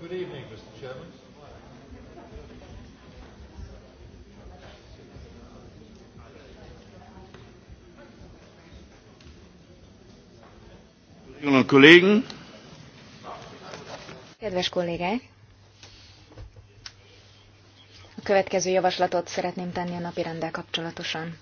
Good evening, Mr. Chairman. Kedves kollégák! A következő javaslatot szeretném tenni a napi rendel kapcsolatosan.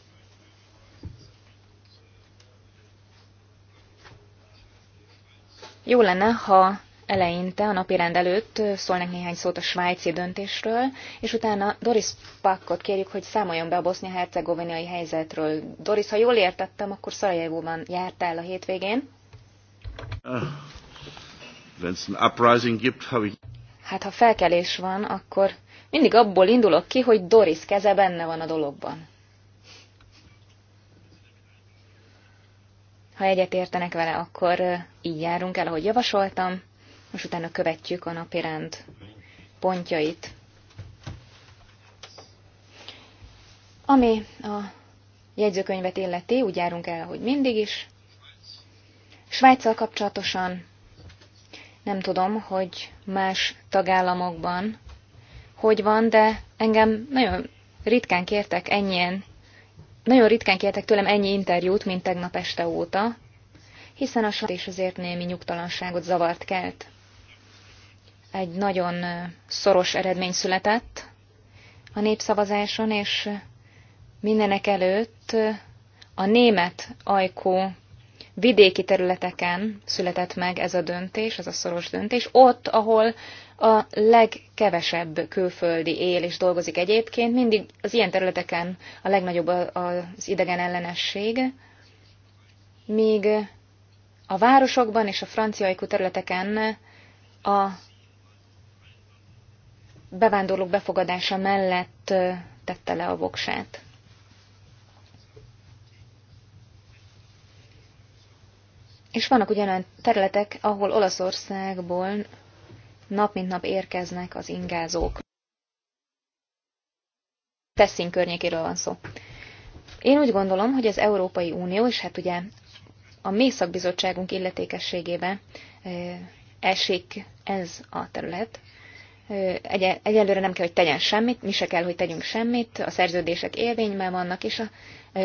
Jó lenne, ha eleinte, a napi rend előtt szólnak néhány szót a svájci döntésről, és utána Doris Pakkot kérjük, hogy számoljon be a bosznia-hercegovinai helyzetről. Doris, ha jól értettem, akkor Szarajevóban jártál a hétvégén. Ah, hát ha felkelés van, akkor mindig abból indulok ki, hogy Doris keze benne van a dologban. Ha egyet értenek vele, akkor így járunk el, ahogy javasoltam. Most utána követjük a napirend pontjait. Ami a jegyzőkönyvet illeti, úgy járunk el, ahogy mindig is. Svájccal kapcsolatosan nem tudom, hogy más tagállamokban hogy van, de engem nagyon ritkán kértek ennyien, nagyon ritkán kértek tőlem ennyi interjút, mint tegnap este óta, hiszen a saját és azért némi nyugtalanságot zavart kelt egy nagyon szoros eredmény született a népszavazáson, és mindenek előtt a német ajkó vidéki területeken született meg ez a döntés, ez a szoros döntés, ott, ahol a legkevesebb külföldi él és dolgozik egyébként, mindig az ilyen területeken a legnagyobb az idegen ellenesség, míg a városokban és a franciaikú területeken a bevándorlók befogadása mellett tette le a voksát. És vannak ugyanolyan területek, ahol Olaszországból nap mint nap érkeznek az ingázók. Tesszin környékéről van szó. Én úgy gondolom, hogy az Európai Unió, és hát ugye a mi szakbizottságunk illetékességébe esik ez a terület, egy, egyelőre nem kell, hogy tegyen semmit, mi se kell, hogy tegyünk semmit, a szerződések élvényben vannak, és a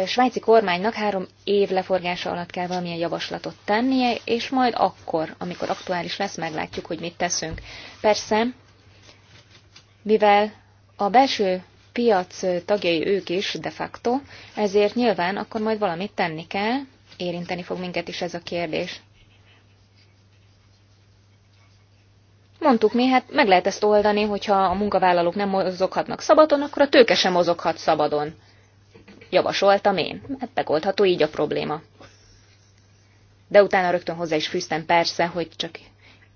svájci kormánynak három év leforgása alatt kell valamilyen javaslatot tennie, és majd akkor, amikor aktuális lesz, meglátjuk, hogy mit teszünk. Persze, mivel a belső piac tagjai ők is de facto, ezért nyilván akkor majd valamit tenni kell, érinteni fog minket is ez a kérdés. Mondtuk mi, hát meg lehet ezt oldani, hogyha a munkavállalók nem mozoghatnak szabadon, akkor a tőke sem mozoghat szabadon. Javasoltam én. Hát megoldható így a probléma. De utána rögtön hozzá is fűztem persze, hogy csak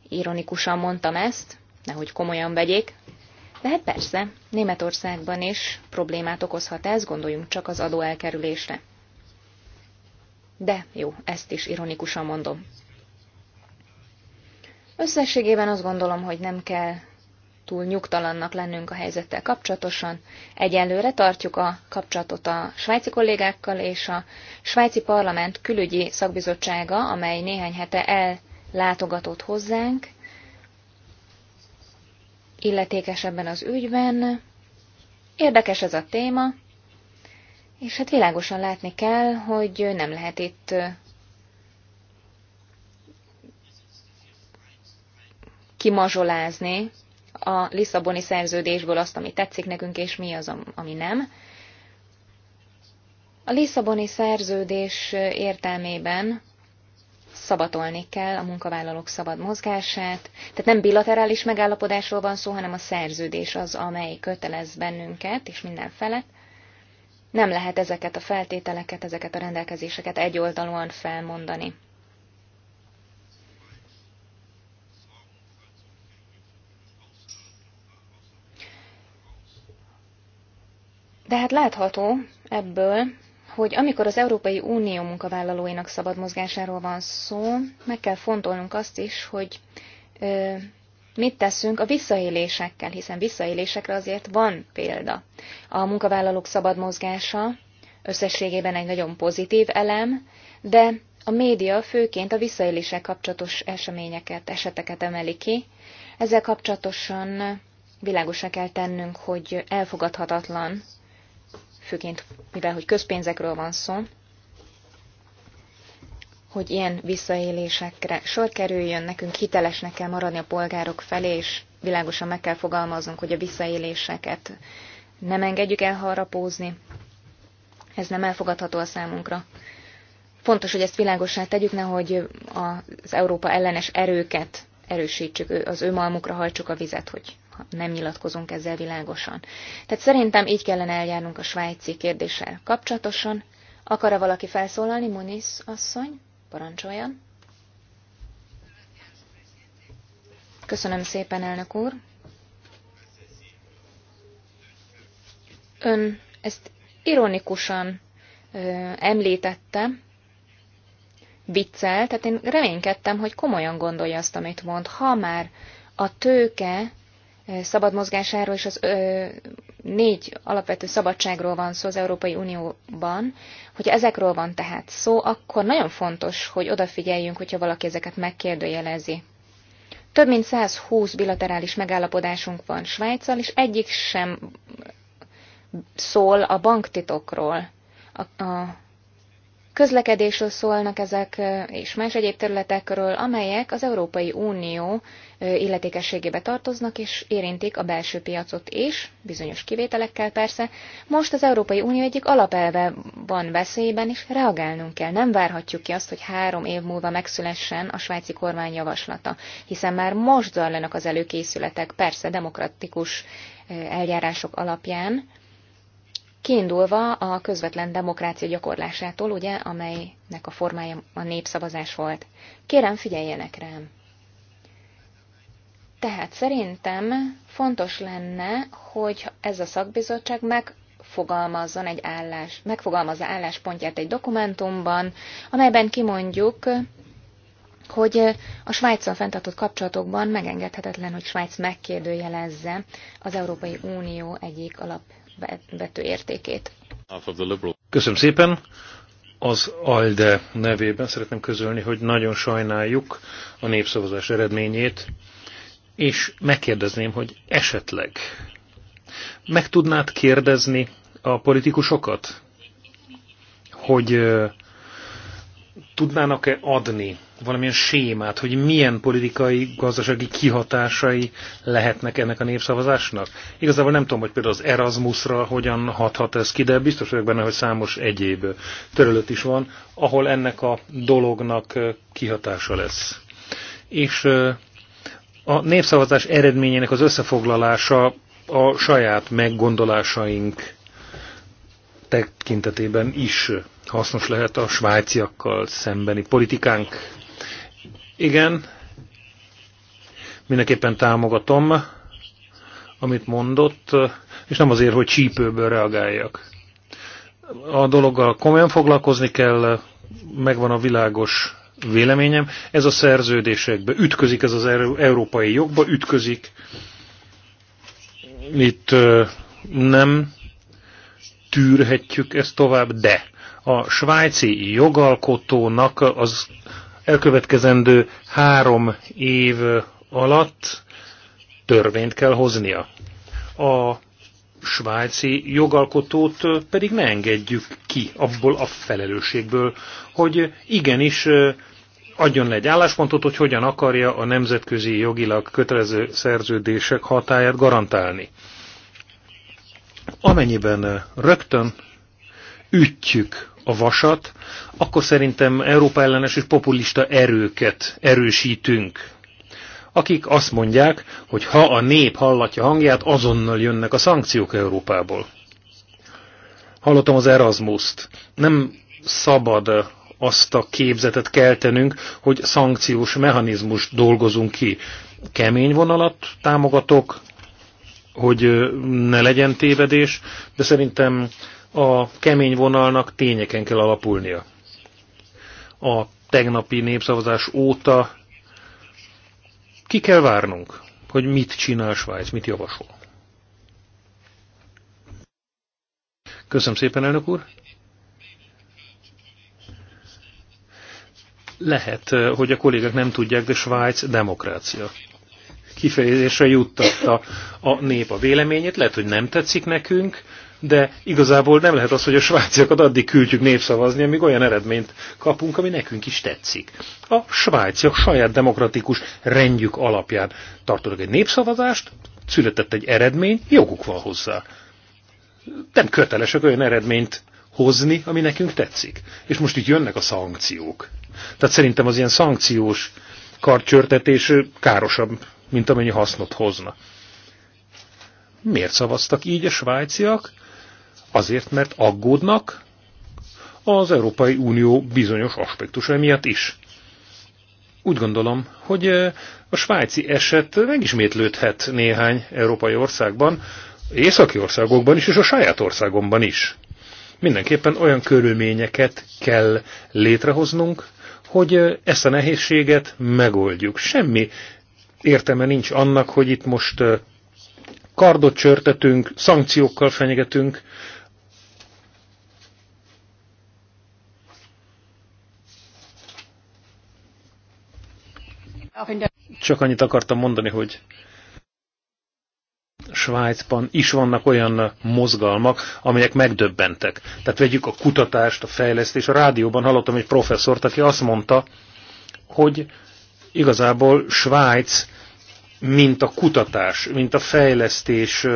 ironikusan mondtam ezt, nehogy komolyan vegyék. De hát persze, Németországban is problémát okozhat ez, gondoljunk csak az adóelkerülésre. De jó, ezt is ironikusan mondom. Összességében azt gondolom, hogy nem kell túl nyugtalannak lennünk a helyzettel kapcsolatosan. Egyelőre tartjuk a kapcsolatot a svájci kollégákkal, és a svájci parlament külügyi szakbizottsága, amely néhány hete ellátogatott hozzánk, illetékes ebben az ügyben. Érdekes ez a téma, és hát világosan látni kell, hogy nem lehet itt kimazsolázni a Lisszaboni szerződésből azt, ami tetszik nekünk, és mi az, ami nem. A Lisszaboni szerződés értelmében szabatolni kell a munkavállalók szabad mozgását, tehát nem bilaterális megállapodásról van szó, hanem a szerződés az, amely kötelez bennünket és minden felett. Nem lehet ezeket a feltételeket, ezeket a rendelkezéseket egyoldalúan felmondani. Tehát látható ebből, hogy amikor az Európai Unió munkavállalóinak szabad mozgásáról van szó, meg kell fontolnunk azt is, hogy ö, mit teszünk a visszaélésekkel, hiszen visszaélésekre azért van példa. A munkavállalók szabad mozgása összességében egy nagyon pozitív elem, de a média főként a visszaélések kapcsolatos eseményeket, eseteket emeli ki. Ezzel kapcsolatosan világosra kell tennünk, hogy elfogadhatatlan főként mivel, hogy közpénzekről van szó, hogy ilyen visszaélésekre sor kerüljön, nekünk hitelesnek kell maradni a polgárok felé, és világosan meg kell fogalmaznunk, hogy a visszaéléseket nem engedjük elharapózni. Ez nem elfogadható a számunkra. Fontos, hogy ezt világosá tegyük, nehogy az Európa ellenes erőket erősítsük, az ő malmukra hajtsuk a vizet, hogy nem nyilatkozunk ezzel világosan. Tehát szerintem így kellene eljárnunk a svájci kérdéssel kapcsolatosan. Akar-e valaki felszólalni, Muniz asszony? Parancsoljon. Köszönöm szépen, elnök úr. Ön ezt ironikusan ö, említette, viccel, tehát én reménykedtem, hogy komolyan gondolja azt, amit mond. Ha már a tőke szabad mozgásáról és az ö, négy alapvető szabadságról van szó az Európai Unióban, hogyha ezekről van tehát szó, akkor nagyon fontos, hogy odafigyeljünk, hogyha valaki ezeket megkérdőjelezi. Több mint 120 bilaterális megállapodásunk van Svájccal, és egyik sem szól a banktitokról, a, a Közlekedésről szólnak ezek, és más egyéb területekről, amelyek az Európai Unió illetékességébe tartoznak, és érintik a belső piacot is, bizonyos kivételekkel persze. Most az Európai Unió egyik alapelve van veszélyben, és reagálnunk kell. Nem várhatjuk ki azt, hogy három év múlva megszülessen a svájci kormány javaslata, hiszen már most zajlanak az előkészületek, persze demokratikus eljárások alapján, kiindulva a közvetlen demokrácia gyakorlásától, ugye, amelynek a formája a népszavazás volt. Kérem, figyeljenek rám! Tehát szerintem fontos lenne, hogy ez a szakbizottság megfogalmazzon egy állás, megfogalmazza álláspontját egy dokumentumban, amelyben kimondjuk, hogy a Svájccal fenntartott kapcsolatokban megengedhetetlen, hogy Svájc megkérdőjelezze az Európai Unió egyik alap vető értékét. Köszönöm szépen! Az ALDE nevében szeretném közölni, hogy nagyon sajnáljuk a népszavazás eredményét, és megkérdezném, hogy esetleg meg tudnád kérdezni a politikusokat, hogy tudnának-e adni valamilyen sémát, hogy milyen politikai, gazdasági kihatásai lehetnek ennek a népszavazásnak? Igazából nem tudom, hogy például az Erasmusra hogyan hathat ez ki, de biztos vagyok benne, hogy számos egyéb törölött is van, ahol ennek a dolognak kihatása lesz. És a népszavazás eredményének az összefoglalása a saját meggondolásaink tekintetében is hasznos lehet a svájciakkal szembeni politikánk igen, mindenképpen támogatom, amit mondott, és nem azért, hogy csípőből reagáljak. A dologgal komolyan foglalkozni kell, megvan a világos véleményem, ez a szerződésekbe ütközik, ez az er- európai jogba ütközik. Itt nem tűrhetjük ezt tovább, de a svájci jogalkotónak az elkövetkezendő három év alatt törvényt kell hoznia. A svájci jogalkotót pedig ne engedjük ki abból a felelősségből, hogy igenis adjon le egy álláspontot, hogy hogyan akarja a nemzetközi jogilag kötelező szerződések hatáját garantálni. Amennyiben rögtön ütjük a vasat, akkor szerintem Európa ellenes és populista erőket erősítünk. Akik azt mondják, hogy ha a nép hallatja hangját, azonnal jönnek a szankciók Európából. Hallottam az Erasmus-t. Nem szabad azt a képzetet keltenünk, hogy szankciós mechanizmus dolgozunk ki. Kemény vonalat támogatok, hogy ne legyen tévedés, de szerintem a kemény vonalnak tényeken kell alapulnia. A tegnapi népszavazás óta ki kell várnunk, hogy mit csinál Svájc, mit javasol. Köszönöm szépen, elnök úr! Lehet, hogy a kollégák nem tudják, de Svájc demokrácia. Kifejezésre juttatta a nép a véleményét, lehet, hogy nem tetszik nekünk, de igazából nem lehet az, hogy a svájciakat addig küldjük népszavazni, amíg olyan eredményt kapunk, ami nekünk is tetszik. A svájciak saját demokratikus rendjük alapján tartanak egy népszavazást, született egy eredmény, joguk van hozzá. Nem kötelesek olyan eredményt hozni, ami nekünk tetszik. És most itt jönnek a szankciók. Tehát szerintem az ilyen szankciós karcsörtetés károsabb, mint amennyi hasznot hozna. Miért szavaztak így a svájciak? Azért, mert aggódnak az Európai Unió bizonyos aspektusai miatt is. Úgy gondolom, hogy a svájci eset megismétlődhet néhány európai országban, északi országokban is, és a saját országomban is. Mindenképpen olyan körülményeket kell létrehoznunk, hogy ezt a nehézséget megoldjuk. Semmi értelme nincs annak, hogy itt most kardot csörtetünk, szankciókkal fenyegetünk, Csak annyit akartam mondani, hogy Svájcban is vannak olyan mozgalmak, amelyek megdöbbentek. Tehát vegyük a kutatást, a fejlesztést. A rádióban hallottam egy professzort, aki azt mondta, hogy igazából Svájc, mint a kutatás, mint a fejlesztés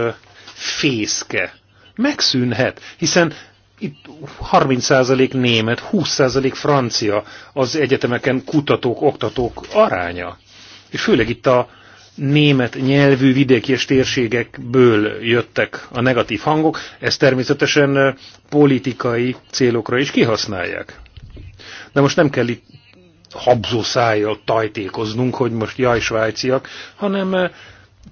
fészke megszűnhet, hiszen itt 30% német, 20% francia az egyetemeken kutatók, oktatók aránya. És főleg itt a német nyelvű vidéki és térségekből jöttek a negatív hangok, ezt természetesen politikai célokra is kihasználják. De most nem kell itt habzó szájjal tajtékoznunk, hogy most jaj svájciak, hanem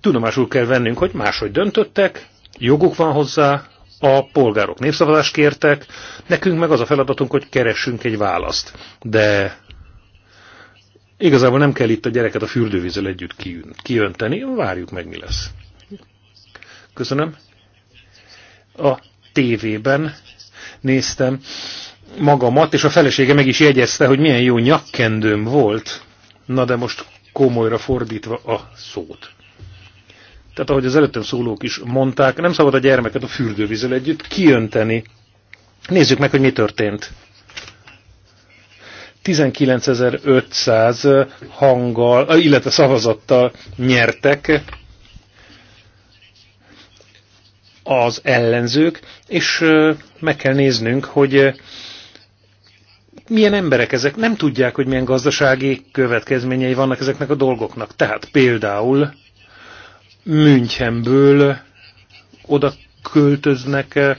tudomásul kell vennünk, hogy máshogy döntöttek, joguk van hozzá, a polgárok népszavazást kértek, nekünk meg az a feladatunk, hogy keressünk egy választ. De igazából nem kell itt a gyereket a fürdővízzel együtt kiönteni, várjuk meg, mi lesz. Köszönöm. A tévében néztem magamat, és a felesége meg is jegyezte, hogy milyen jó nyakkendőm volt. Na de most komolyra fordítva a szót. Tehát ahogy az előttem szólók is mondták, nem szabad a gyermeket a fürdővízzel együtt kiönteni. Nézzük meg, hogy mi történt. 19.500 hanggal, illetve szavazattal nyertek az ellenzők, és meg kell néznünk, hogy milyen emberek ezek, nem tudják, hogy milyen gazdasági következményei vannak ezeknek a dolgoknak. Tehát például Münchenből oda költöznek, eh,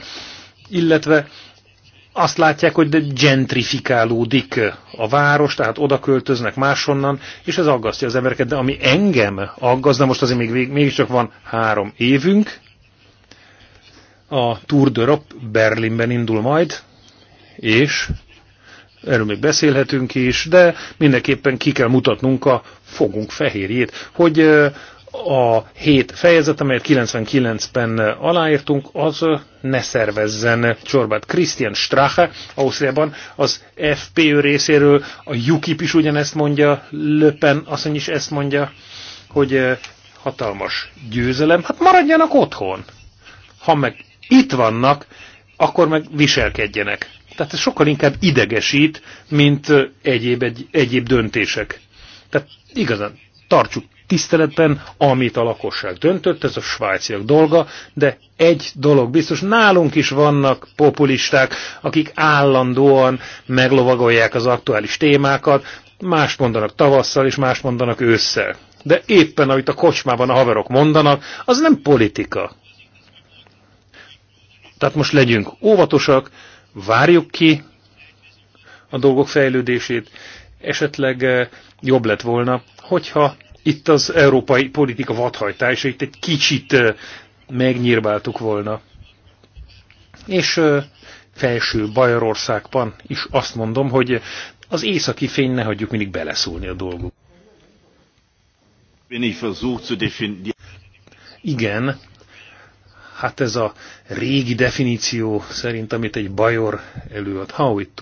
illetve azt látják, hogy gentrifikálódik a város, tehát oda költöznek máshonnan, és ez aggasztja az embereket, de ami engem aggaszt, de most azért még, mégiscsak van három évünk, a Tour de Rop Berlinben indul majd, és erről még beszélhetünk is, de mindenképpen ki kell mutatnunk a fogunk fehérjét, hogy eh, a hét fejezet, amelyet 99-ben aláírtunk, az ne szervezzen csorbát. Christian Strache Ausztriában az FPÖ részéről, a UKIP is ugyanezt mondja, Löpen asszony is ezt mondja, hogy eh, hatalmas győzelem, hát maradjanak otthon. Ha meg itt vannak, akkor meg viselkedjenek. Tehát ez sokkal inkább idegesít, mint eh, egyéb, egy, egyéb döntések. Tehát igazán tartsuk tiszteletben, amit a lakosság döntött, ez a svájciak dolga, de egy dolog biztos, nálunk is vannak populisták, akik állandóan meglovagolják az aktuális témákat, más mondanak tavasszal, és más mondanak ősszel. De éppen, amit a kocsmában a haverok mondanak, az nem politika. Tehát most legyünk óvatosak, várjuk ki a dolgok fejlődését, esetleg eh, jobb lett volna, hogyha itt az európai politika vadhajtása, itt egy kicsit megnyírbáltuk volna. És felső Bajorországban is azt mondom, hogy az északi fény ne hagyjuk mindig beleszólni a dolgok. Igen, hát ez a régi definíció szerint, amit egy Bajor előad. Howitt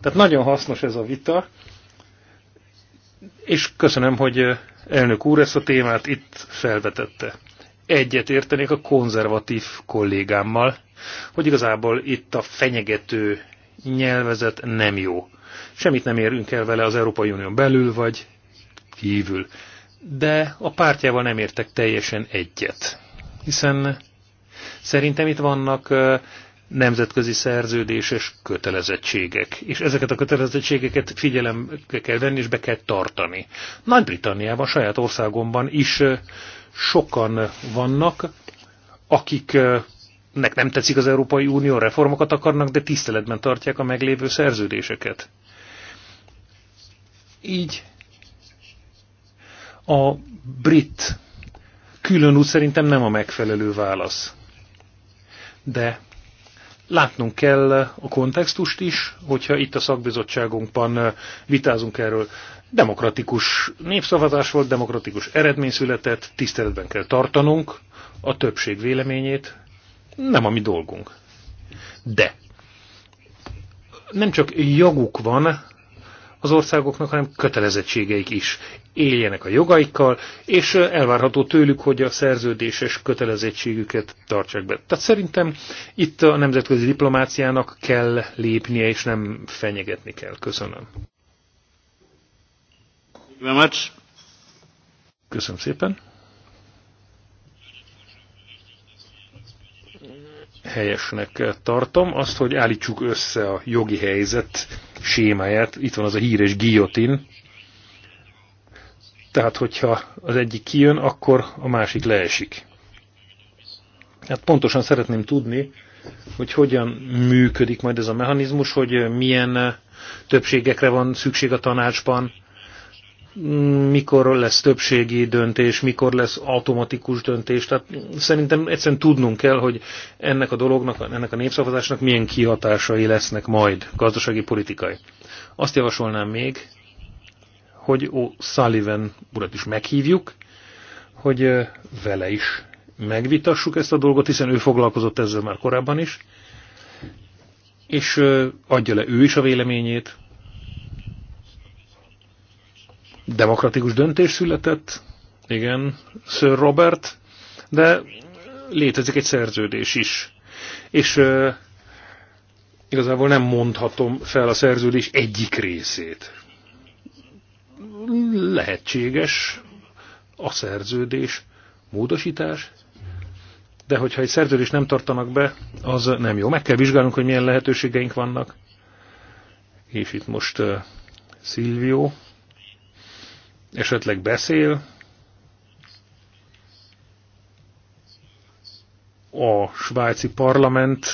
Tehát nagyon hasznos ez a vita, és köszönöm, hogy eh, elnök úr ezt a témát itt felvetette. Egyet értenék a konzervatív kollégámmal, hogy igazából itt a fenyegető nyelvezet nem jó. Semmit nem érünk el vele az Európai Unión belül vagy kívül. De a pártjával nem értek teljesen egyet. Hiszen Szerintem itt vannak nemzetközi szerződéses kötelezettségek, és ezeket a kötelezettségeket figyelembe kell venni, és be kell tartani. Nagy-Britanniában, saját országomban is sokan vannak, akiknek nem tetszik az Európai Unió, reformokat akarnak, de tiszteletben tartják a meglévő szerződéseket. Így a brit külön út szerintem nem a megfelelő válasz de látnunk kell a kontextust is, hogyha itt a szakbizottságunkban vitázunk erről. Demokratikus népszavazás volt, demokratikus eredmény született, tiszteletben kell tartanunk a többség véleményét, nem a mi dolgunk. De nem csak joguk van az országoknak, hanem kötelezettségeik is. Éljenek a jogaikkal, és elvárható tőlük, hogy a szerződéses kötelezettségüket tartsák be. Tehát szerintem itt a nemzetközi diplomáciának kell lépnie, és nem fenyegetni kell. Köszönöm. Köszönöm szépen. helyesnek tartom azt, hogy állítsuk össze a jogi helyzet sémáját. Itt van az a híres guillotine. Tehát, hogyha az egyik kijön, akkor a másik leesik. Hát pontosan szeretném tudni, hogy hogyan működik majd ez a mechanizmus, hogy milyen többségekre van szükség a tanácsban, mikor lesz többségi döntés, mikor lesz automatikus döntés. Tehát szerintem egyszerűen tudnunk kell, hogy ennek a dolognak, ennek a népszavazásnak milyen kihatásai lesznek majd gazdasági politikai. Azt javasolnám még, hogy ó, Sullivan urat is meghívjuk, hogy vele is megvitassuk ezt a dolgot, hiszen ő foglalkozott ezzel már korábban is, és adja le ő is a véleményét, demokratikus döntés született, igen, Sir Robert, de létezik egy szerződés is. És uh, igazából nem mondhatom fel a szerződés egyik részét. Lehetséges a szerződés módosítás, de hogyha egy szerződést nem tartanak be, az nem jó. Meg kell vizsgálnunk, hogy milyen lehetőségeink vannak. És itt most uh, Silvio esetleg beszél a svájci parlament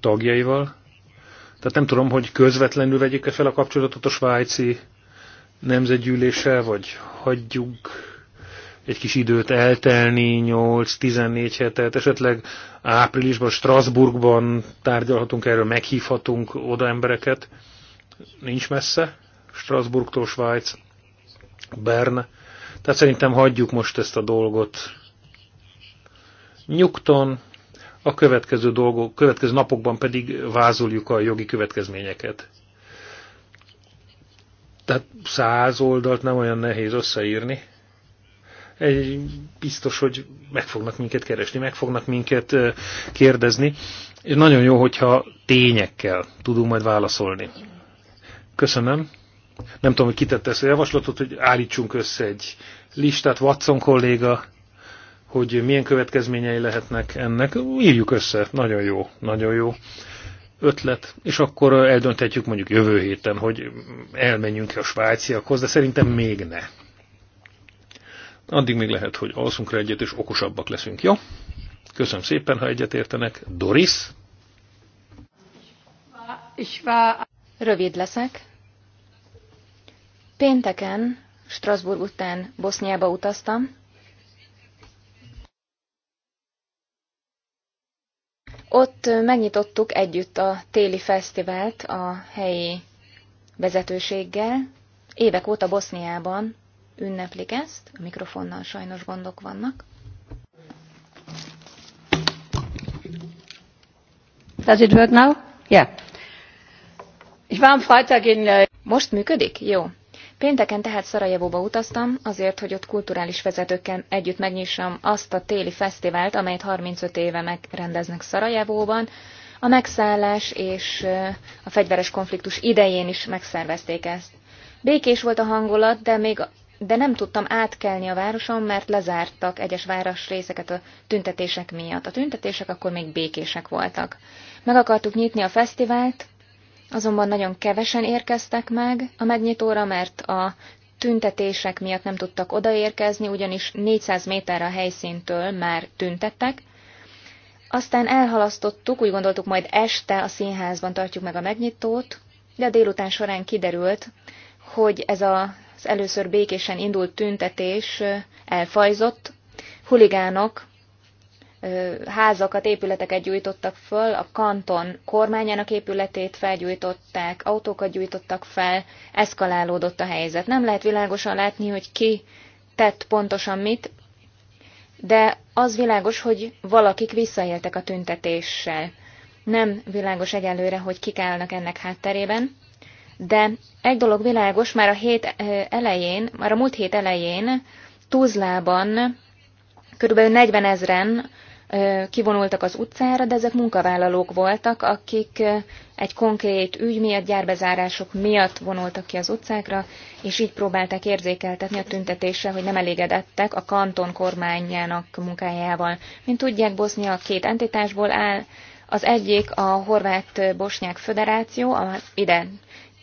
tagjaival. Tehát nem tudom, hogy közvetlenül vegyék-e fel a kapcsolatot a svájci nemzetgyűléssel, vagy hagyjuk egy kis időt eltelni, 8-14 hetet, esetleg áprilisban Strasbourgban tárgyalhatunk erről, meghívhatunk oda embereket. Nincs messze, Strasbourgtól Svájc. Bern. Tehát szerintem hagyjuk most ezt a dolgot nyugton, a következő, dolgok, következő napokban pedig vázoljuk a jogi következményeket. Tehát száz oldalt nem olyan nehéz összeírni. Egy, biztos, hogy meg fognak minket keresni, meg fognak minket kérdezni. És nagyon jó, hogyha tényekkel tudunk majd válaszolni. Köszönöm nem tudom, hogy kitette ezt a javaslatot, hogy állítsunk össze egy listát, Watson kolléga, hogy milyen következményei lehetnek ennek. Írjuk össze, nagyon jó, nagyon jó ötlet, és akkor eldönthetjük mondjuk jövő héten, hogy elmenjünk-e a svájciakhoz, de szerintem még ne. Addig még lehet, hogy alszunk rá egyet, és okosabbak leszünk, jó? Köszönöm szépen, ha egyet értenek. Doris? Rövid leszek. Pénteken Strasbourg után Boszniába utaztam. Ott megnyitottuk együtt a téli fesztivált a helyi vezetőséggel. Évek óta Boszniában ünneplik ezt, a mikrofonnal sajnos gondok vannak. Does it work now? Yeah. Ich war am Freitag in... Äh, Most működik? Jó. Pénteken tehát Szarajevóba utaztam, azért, hogy ott kulturális vezetőkkel együtt megnyissam azt a téli fesztivált, amelyet 35 éve megrendeznek Szarajevóban. A megszállás és a fegyveres konfliktus idején is megszervezték ezt. Békés volt a hangulat, de még de nem tudtam átkelni a városon, mert lezártak egyes városrészeket a tüntetések miatt. A tüntetések akkor még békések voltak. Meg akartuk nyitni a fesztivált, azonban nagyon kevesen érkeztek meg a megnyitóra, mert a tüntetések miatt nem tudtak odaérkezni, ugyanis 400 méter a helyszíntől már tüntettek. Aztán elhalasztottuk, úgy gondoltuk, majd este a színházban tartjuk meg a megnyitót, de a délután során kiderült, hogy ez az először békésen indult tüntetés elfajzott, huligánok házakat, épületeket gyújtottak föl, a kanton kormányának épületét felgyújtották, autókat gyújtottak fel, eszkalálódott a helyzet. Nem lehet világosan látni, hogy ki tett pontosan mit, de az világos, hogy valakik visszaéltek a tüntetéssel. Nem világos egyelőre, hogy kik állnak ennek hátterében, de egy dolog világos, már a hét elején, már a múlt hét elején Tuzlában körülbelül 40 ezren kivonultak az utcára, de ezek munkavállalók voltak, akik egy konkrét ügy miatt, gyárbezárások miatt vonultak ki az utcákra, és így próbálták érzékeltetni a tüntetéssel, hogy nem elégedettek a kanton kormányának munkájával. Mint tudják, Bosznia két entitásból áll, az egyik a Horvát-Bosnyák Föderáció, a ide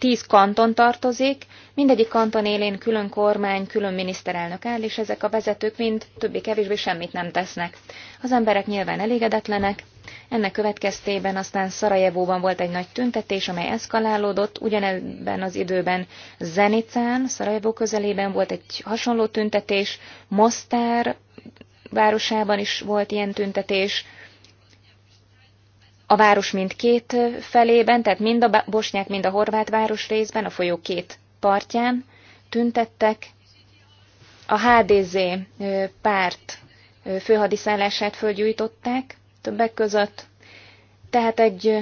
tíz kanton tartozik, mindegyik kanton élén külön kormány, külön miniszterelnök áll, és ezek a vezetők mind többé-kevésbé semmit nem tesznek. Az emberek nyilván elégedetlenek, ennek következtében aztán Szarajevóban volt egy nagy tüntetés, amely eszkalálódott, ugyanebben az időben Zenicán, Szarajevó közelében volt egy hasonló tüntetés, Mostár városában is volt ilyen tüntetés, a város mind két felében, tehát mind a bosnyák, mind a horvát város részben, a folyó két partján tüntettek. A HDZ párt főhadiszállását fölgyújtották többek között, tehát egy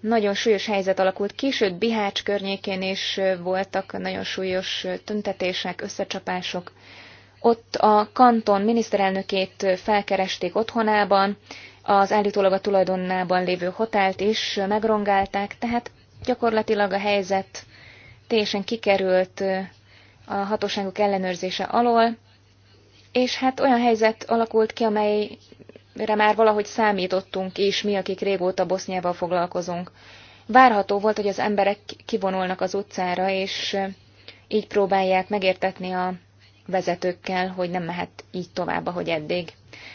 nagyon súlyos helyzet alakult ki, sőt Bihács környékén is voltak nagyon súlyos tüntetések, összecsapások. Ott a kanton miniszterelnökét felkeresték otthonában, az állítólag a tulajdonnában lévő hotelt is megrongálták, tehát gyakorlatilag a helyzet teljesen kikerült a hatóságok ellenőrzése alól, és hát olyan helyzet alakult ki, amelyre már valahogy számítottunk is, mi, akik régóta Boszniával foglalkozunk. Várható volt, hogy az emberek kivonulnak az utcára, és így próbálják megértetni a vezetőkkel, hogy nem mehet így tovább, ahogy eddig.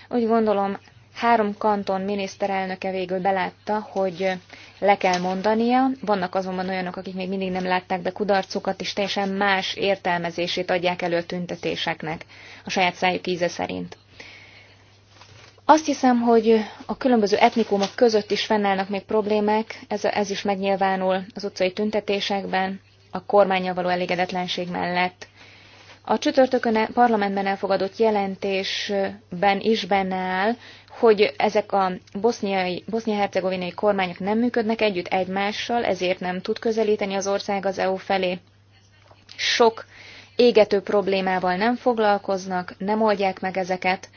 Úgy gondolom, Három kanton miniszterelnöke végül belátta, hogy le kell mondania, vannak azonban olyanok, akik még mindig nem látták be kudarcukat, és teljesen más értelmezését adják elő a tüntetéseknek, a saját szájuk íze szerint. Azt hiszem, hogy a különböző etnikumok között is fennállnak még problémák, ez, ez is megnyilvánul az utcai tüntetésekben, a kormányjal való elégedetlenség mellett. A csütörtökön e- parlamentben elfogadott jelentésben is benne áll, hogy ezek a bosznia-hercegovinai kormányok nem működnek együtt egymással, ezért nem tud közelíteni az ország az EU felé. Sok égető problémával nem foglalkoznak, nem oldják meg ezeket,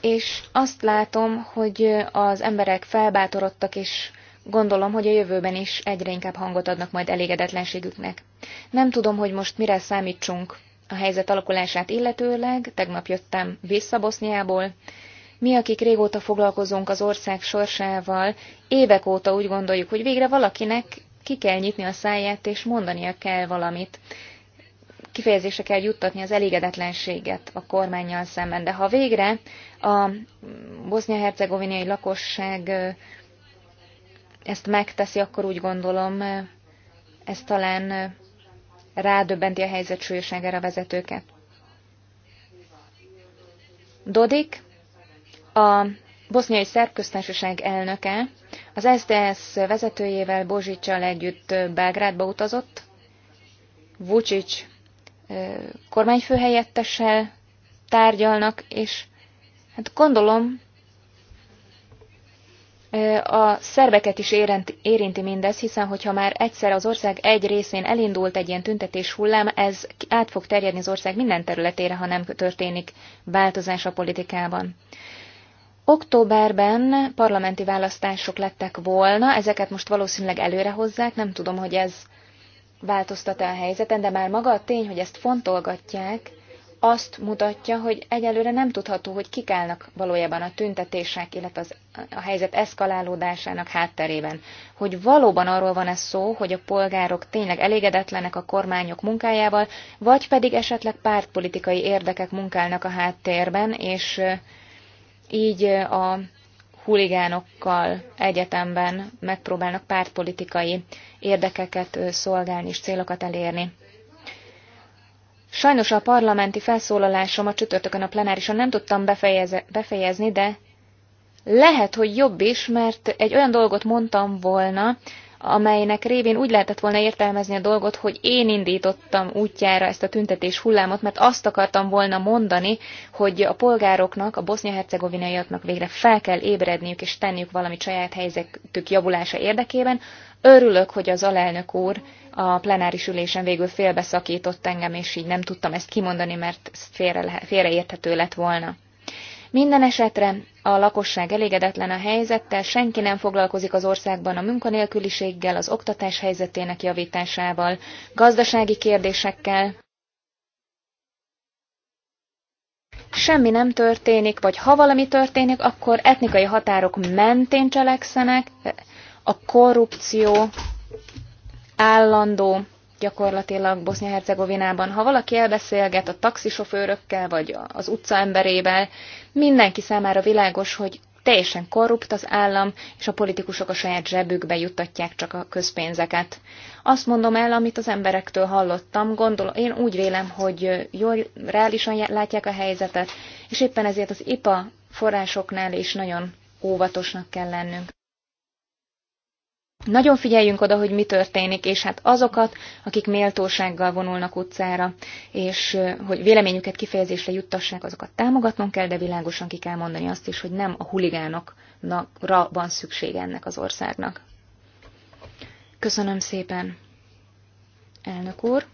és azt látom, hogy az emberek felbátorodtak, és gondolom, hogy a jövőben is egyre inkább hangot adnak majd elégedetlenségüknek. Nem tudom, hogy most mire számítsunk a helyzet alakulását illetőleg, tegnap jöttem vissza Boszniából, mi, akik régóta foglalkozunk az ország sorsával, évek óta úgy gondoljuk, hogy végre valakinek ki kell nyitni a száját, és mondania kell valamit. Kifejezése kell juttatni az elégedetlenséget a kormányjal szemben. De ha végre a bosznia-hercegovinai lakosság ezt megteszi, akkor úgy gondolom, ez talán rádöbbenti a helyzet súlyoságára vezetőket. Dodik a boszniai szerb köztársaság elnöke az SDS vezetőjével Bozsicsal együtt Belgrádba utazott, Vucic kormányfőhelyettessel tárgyalnak, és hát gondolom, a szerbeket is érinti mindez, hiszen hogyha már egyszer az ország egy részén elindult egy ilyen tüntetés hullám, ez át fog terjedni az ország minden területére, ha nem történik változás a politikában. Októberben parlamenti választások lettek volna, ezeket most valószínűleg előre hozzák, nem tudom, hogy ez változtat-e a helyzeten, de már maga a tény, hogy ezt fontolgatják, azt mutatja, hogy egyelőre nem tudható, hogy kik állnak valójában a tüntetések, illetve az, a helyzet eszkalálódásának hátterében. Hogy valóban arról van ez szó, hogy a polgárok tényleg elégedetlenek a kormányok munkájával, vagy pedig esetleg pártpolitikai érdekek munkálnak a háttérben, és így a huligánokkal egyetemben megpróbálnak pártpolitikai érdekeket szolgálni és célokat elérni. Sajnos a parlamenti felszólalásom a csütörtökön a plenárison nem tudtam befejeze, befejezni, de lehet, hogy jobb is, mert egy olyan dolgot mondtam volna, amelynek révén úgy lehetett volna értelmezni a dolgot, hogy én indítottam útjára ezt a tüntetés hullámot, mert azt akartam volna mondani, hogy a polgároknak, a bosznia-hercegovinaiaknak végre fel kell ébredniük és tenniük valamit saját helyzetük javulása érdekében. Örülök, hogy az alelnök úr a plenáris ülésen végül félbeszakított engem, és így nem tudtam ezt kimondani, mert félre, lett volna. Minden esetre a lakosság elégedetlen a helyzettel, senki nem foglalkozik az országban a munkanélküliséggel, az oktatás helyzetének javításával, gazdasági kérdésekkel. Semmi nem történik, vagy ha valami történik, akkor etnikai határok mentén cselekszenek, a korrupció állandó gyakorlatilag Bosznia-Hercegovinában. Ha valaki elbeszélget a taxisofőrökkel, vagy az utca emberével, mindenki számára világos, hogy teljesen korrupt az állam, és a politikusok a saját zsebükbe juttatják csak a közpénzeket. Azt mondom el, amit az emberektől hallottam, gondol, én úgy vélem, hogy jól reálisan látják a helyzetet, és éppen ezért az IPA forrásoknál is nagyon óvatosnak kell lennünk. Nagyon figyeljünk oda, hogy mi történik, és hát azokat, akik méltósággal vonulnak utcára, és hogy véleményüket kifejezésre juttassák, azokat támogatnunk kell, de világosan ki kell mondani azt is, hogy nem a huligánokra van szüksége ennek az országnak. Köszönöm szépen, elnök úr!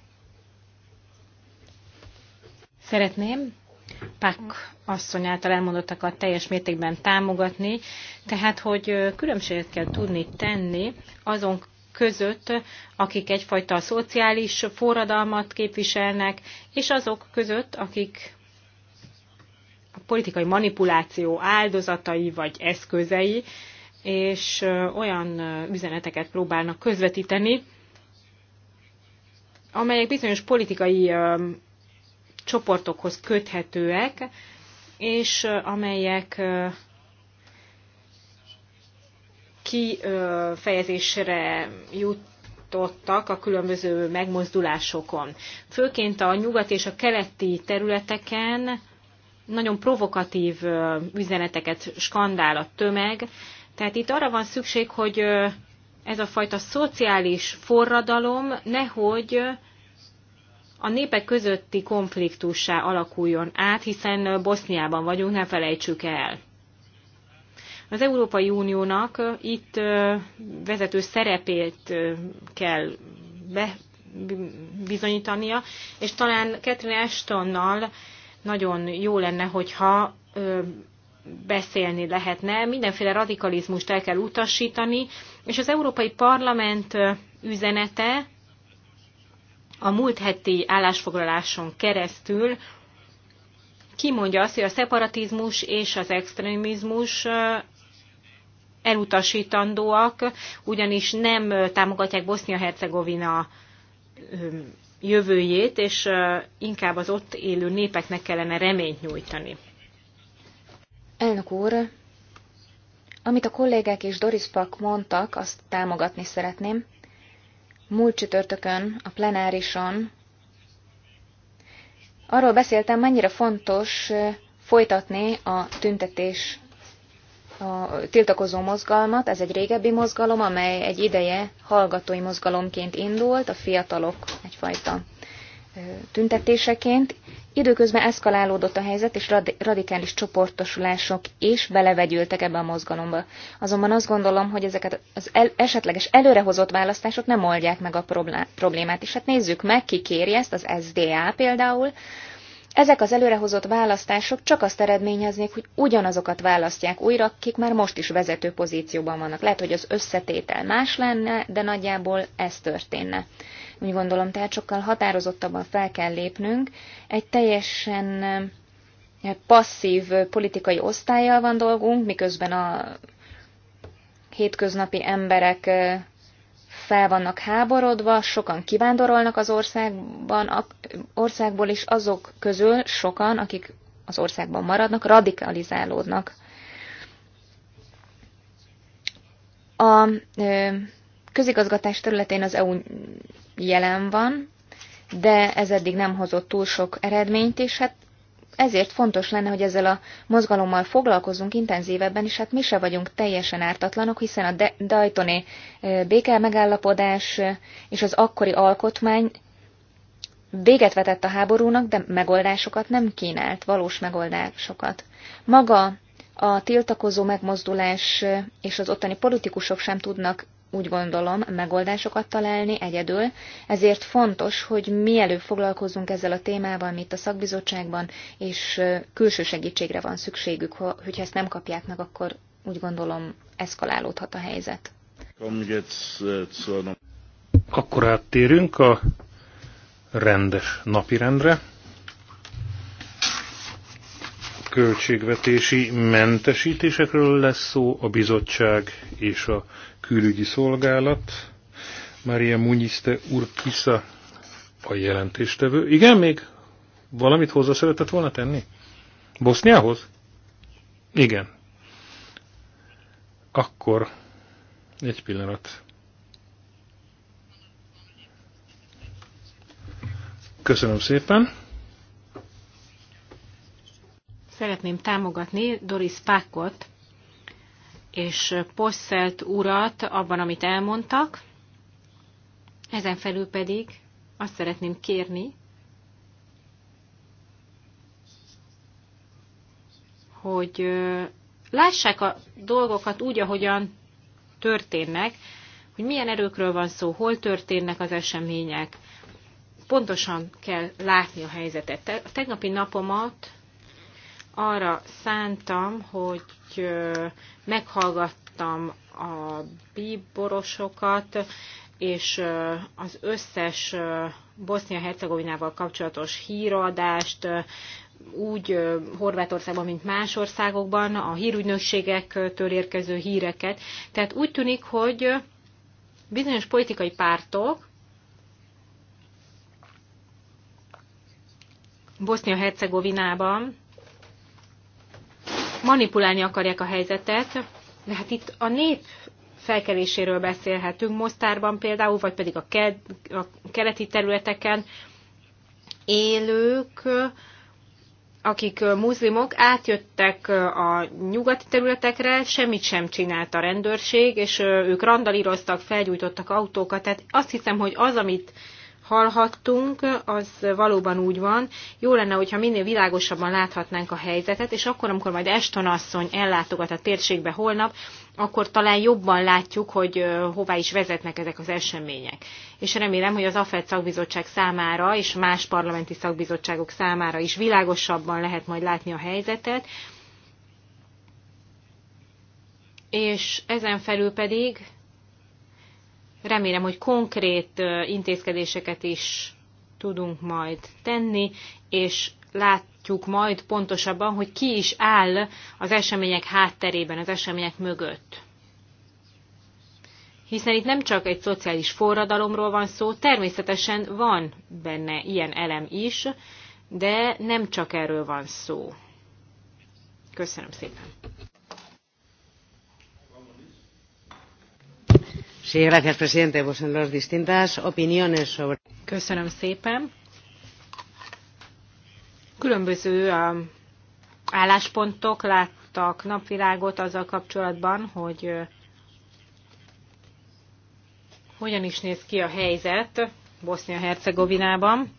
Szeretném Pák asszony által elmondottakat teljes mértékben támogatni, tehát hogy különbséget kell tudni tenni azon között, akik egyfajta szociális forradalmat képviselnek, és azok között, akik a politikai manipuláció áldozatai vagy eszközei, és olyan üzeneteket próbálnak közvetíteni, amelyek bizonyos politikai csoportokhoz köthetőek, és amelyek kifejezésre jutottak a különböző megmozdulásokon. Főként a nyugat és a keleti területeken nagyon provokatív üzeneteket skandál a tömeg, tehát itt arra van szükség, hogy ez a fajta szociális forradalom nehogy a népek közötti konfliktussá alakuljon át, hiszen Boszniában vagyunk, ne felejtsük el. Az Európai Uniónak itt vezető szerepét kell be bizonyítania, és talán Catherine Ashtonnal nagyon jó lenne, hogyha beszélni lehetne. Mindenféle radikalizmust el kell utasítani, és az Európai Parlament üzenete a múlt heti állásfoglaláson keresztül kimondja azt, hogy a szeparatizmus és az extrémizmus elutasítandóak, ugyanis nem támogatják Bosznia-Hercegovina jövőjét, és inkább az ott élő népeknek kellene reményt nyújtani. Elnök úr, amit a kollégák és Doris Pak mondtak, azt támogatni szeretném múlt csütörtökön a plenárison arról beszéltem, mennyire fontos folytatni a tüntetés, a tiltakozó mozgalmat. Ez egy régebbi mozgalom, amely egy ideje hallgatói mozgalomként indult, a fiatalok egyfajta tüntetéseként. Időközben eszkalálódott a helyzet, és radikális csoportosulások is belevegyültek ebbe a mozgalomba. Azonban azt gondolom, hogy ezeket az el, esetleges előrehozott választások nem oldják meg a problémát. És hát nézzük meg, ki kéri ezt, az SDA például, ezek az előrehozott választások csak azt eredményeznék, hogy ugyanazokat választják újra, akik már most is vezető pozícióban vannak. Lehet, hogy az összetétel más lenne, de nagyjából ez történne. Úgy gondolom, tehát sokkal határozottabban fel kell lépnünk. Egy teljesen eh, passzív politikai osztályjal van dolgunk, miközben a hétköznapi emberek eh, fel vannak háborodva, sokan kivándorolnak az országban, a, országból is azok közül sokan, akik az országban maradnak, radikalizálódnak. A ö, közigazgatás területén az EU jelen van, de ez eddig nem hozott túl sok eredményt, és hát ezért fontos lenne, hogy ezzel a mozgalommal foglalkozunk intenzívebben, és hát mi se vagyunk teljesen ártatlanok, hiszen a Daytoni béke megállapodás és az akkori alkotmány véget vetett a háborúnak, de megoldásokat nem kínált, valós megoldásokat. Maga a tiltakozó megmozdulás és az ottani politikusok sem tudnak úgy gondolom, megoldásokat találni egyedül, ezért fontos, hogy mielőbb foglalkozunk ezzel a témával, mint a szakbizottságban, és külső segítségre van szükségük, hogyha ezt nem kapják meg, akkor úgy gondolom, eszkalálódhat a helyzet. Akkor áttérünk a rendes napirendre költségvetési mentesítésekről lesz szó a bizottság és a külügyi szolgálat. Maria Munyiste Urkisa a jelentéstevő. Igen, még valamit hozzá szeretett volna tenni? Boszniához? Igen. Akkor egy pillanat. Köszönöm szépen. Szeretném támogatni Doris Pákot és Posszelt urat abban, amit elmondtak. Ezen felül pedig azt szeretném kérni, hogy lássák a dolgokat úgy, ahogyan történnek, hogy milyen erőkről van szó, hol történnek az események. Pontosan kell látni a helyzetet. A tegnapi napomat arra szántam, hogy meghallgattam a bíborosokat, és az összes Bosznia-Hercegovinával kapcsolatos híradást, úgy Horvátországban, mint más országokban, a hírügynökségektől érkező híreket. Tehát úgy tűnik, hogy bizonyos politikai pártok Bosznia-Hercegovinában manipulálni akarják a helyzetet, de hát itt a nép felkeléséről beszélhetünk, Mostárban például, vagy pedig a, ke- a keleti területeken élők, akik muzlimok, átjöttek a nyugati területekre, semmit sem csinált a rendőrség, és ők randalíroztak, felgyújtottak autókat. Tehát azt hiszem, hogy az, amit hallhattunk, az valóban úgy van. Jó lenne, hogyha minél világosabban láthatnánk a helyzetet, és akkor, amikor majd Eston asszony ellátogat a térségbe holnap, akkor talán jobban látjuk, hogy hová is vezetnek ezek az események. És remélem, hogy az AFED szakbizottság számára és más parlamenti szakbizottságok számára is világosabban lehet majd látni a helyzetet. És ezen felül pedig Remélem, hogy konkrét intézkedéseket is tudunk majd tenni, és látjuk majd pontosabban, hogy ki is áll az események hátterében, az események mögött. Hiszen itt nem csak egy szociális forradalomról van szó, természetesen van benne ilyen elem is, de nem csak erről van szó. Köszönöm szépen! Köszönöm szépen. Különböző um, álláspontok láttak napvilágot azzal kapcsolatban, hogy uh, hogyan is néz ki a helyzet Bosznia-Hercegovinában.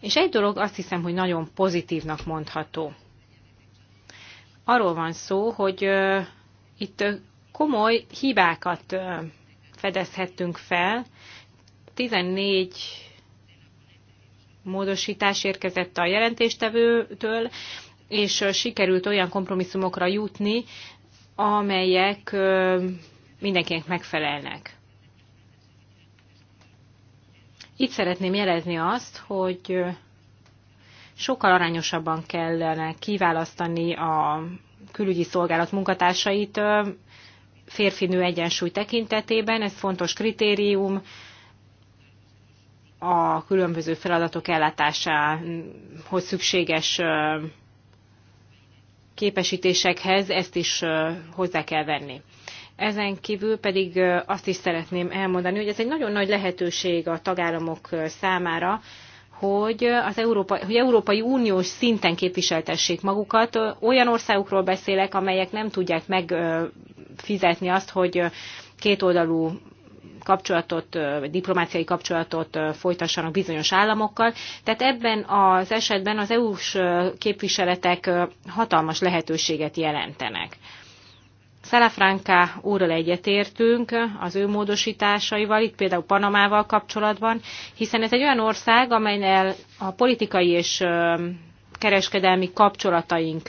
És egy dolog azt hiszem, hogy nagyon pozitívnak mondható. Arról van szó, hogy uh, itt uh, komoly hibákat fedezhettünk fel. 14 módosítás érkezett a jelentéstevőtől, és sikerült olyan kompromisszumokra jutni, amelyek mindenkinek megfelelnek. Itt szeretném jelezni azt, hogy sokkal arányosabban kellene kiválasztani a külügyi szolgálat munkatársait férfi-nő egyensúly tekintetében, ez fontos kritérium a különböző feladatok ellátásához szükséges képesítésekhez ezt is hozzá kell venni. Ezen kívül pedig azt is szeretném elmondani, hogy ez egy nagyon nagy lehetőség a tagállamok számára, hogy az Európa, hogy Európai Uniós szinten képviseltessék magukat. Olyan országokról beszélek, amelyek nem tudják meg fizetni azt, hogy kétoldalú kapcsolatot, diplomáciai kapcsolatot folytassanak bizonyos államokkal. Tehát ebben az esetben az EU-s képviseletek hatalmas lehetőséget jelentenek. Szelefránká úrral egyetértünk az ő módosításaival, itt például Panamával kapcsolatban, hiszen ez egy olyan ország, amelynel a politikai és kereskedelmi kapcsolataink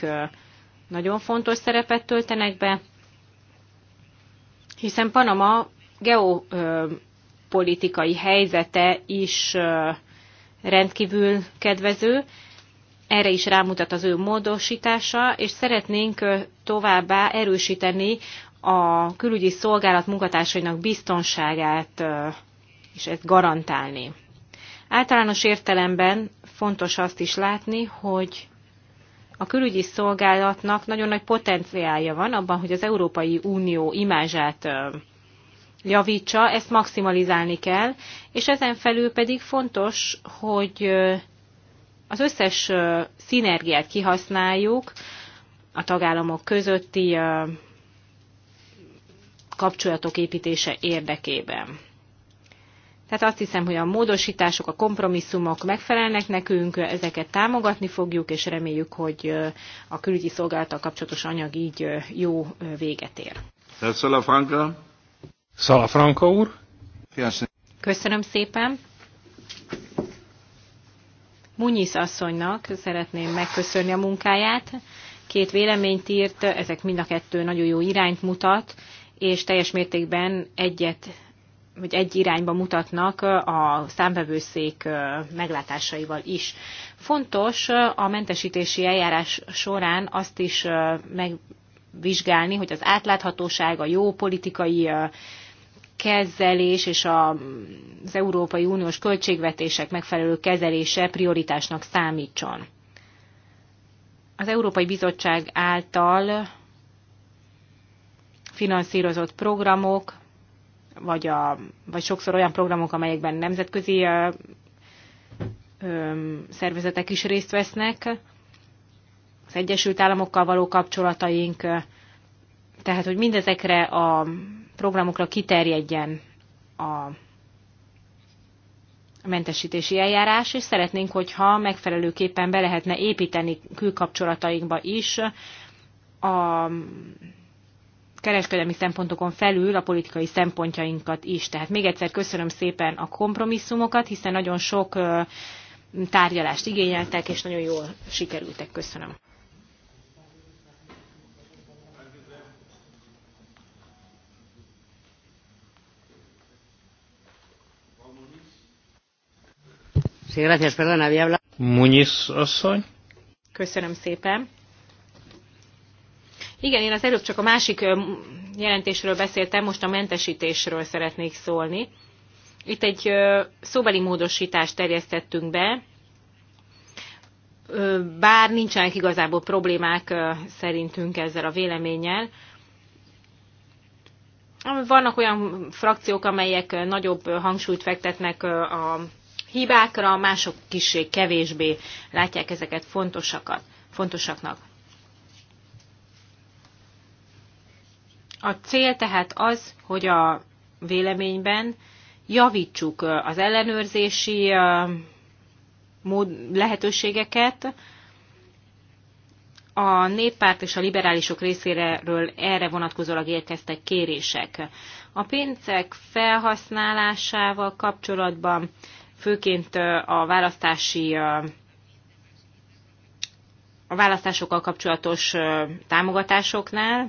nagyon fontos szerepet töltenek be, hiszen Panama geopolitikai helyzete is rendkívül kedvező, erre is rámutat az ő módosítása, és szeretnénk továbbá erősíteni a külügyi szolgálat munkatársainak biztonságát, és ezt garantálni. Általános értelemben fontos azt is látni, hogy a külügyi szolgálatnak nagyon nagy potenciálja van abban, hogy az Európai Unió imázsát javítsa, ezt maximalizálni kell, és ezen felül pedig fontos, hogy az összes szinergiát kihasználjuk a tagállamok közötti kapcsolatok építése érdekében. Tehát azt hiszem, hogy a módosítások, a kompromisszumok megfelelnek nekünk, ezeket támogatni fogjuk, és reméljük, hogy a külügyi szolgálattal kapcsolatos anyag így jó véget ér. Szalafranka. Szalafranka úr. Köszönöm szépen. Munyisz asszonynak szeretném megköszönni a munkáját. Két véleményt írt, ezek mind a kettő nagyon jó irányt mutat, és teljes mértékben egyet hogy egy irányba mutatnak a számvevőszék meglátásaival is. Fontos a mentesítési eljárás során azt is megvizsgálni, hogy az átláthatóság, a jó politikai kezelés és az Európai Uniós költségvetések megfelelő kezelése prioritásnak számítson. Az Európai Bizottság által finanszírozott programok vagy, a, vagy sokszor olyan programok, amelyekben nemzetközi szervezetek is részt vesznek, az Egyesült Államokkal való kapcsolataink, tehát hogy mindezekre a programokra kiterjedjen a mentesítési eljárás, és szeretnénk, hogyha megfelelőképpen be lehetne építeni külkapcsolatainkba is a kereskedelmi szempontokon felül a politikai szempontjainkat is. Tehát még egyszer köszönöm szépen a kompromisszumokat, hiszen nagyon sok tárgyalást igényeltek, és nagyon jól sikerültek. Köszönöm. Sí, gracias, perdona, había hablado. Muñiz asszony. Köszönöm szépen. Igen, én az előbb csak a másik jelentésről beszéltem, most a mentesítésről szeretnék szólni. Itt egy szóbeli módosítást terjesztettünk be, bár nincsenek igazából problémák szerintünk ezzel a véleménnyel. Vannak olyan frakciók, amelyek nagyobb hangsúlyt fektetnek a hibákra, mások kissé kevésbé látják ezeket fontosakat, fontosaknak. A cél tehát az, hogy a véleményben javítsuk az ellenőrzési mód, lehetőségeket. A néppárt és a liberálisok részéről erre vonatkozólag érkeztek kérések. A pénzek felhasználásával kapcsolatban főként a választási a választásokkal kapcsolatos támogatásoknál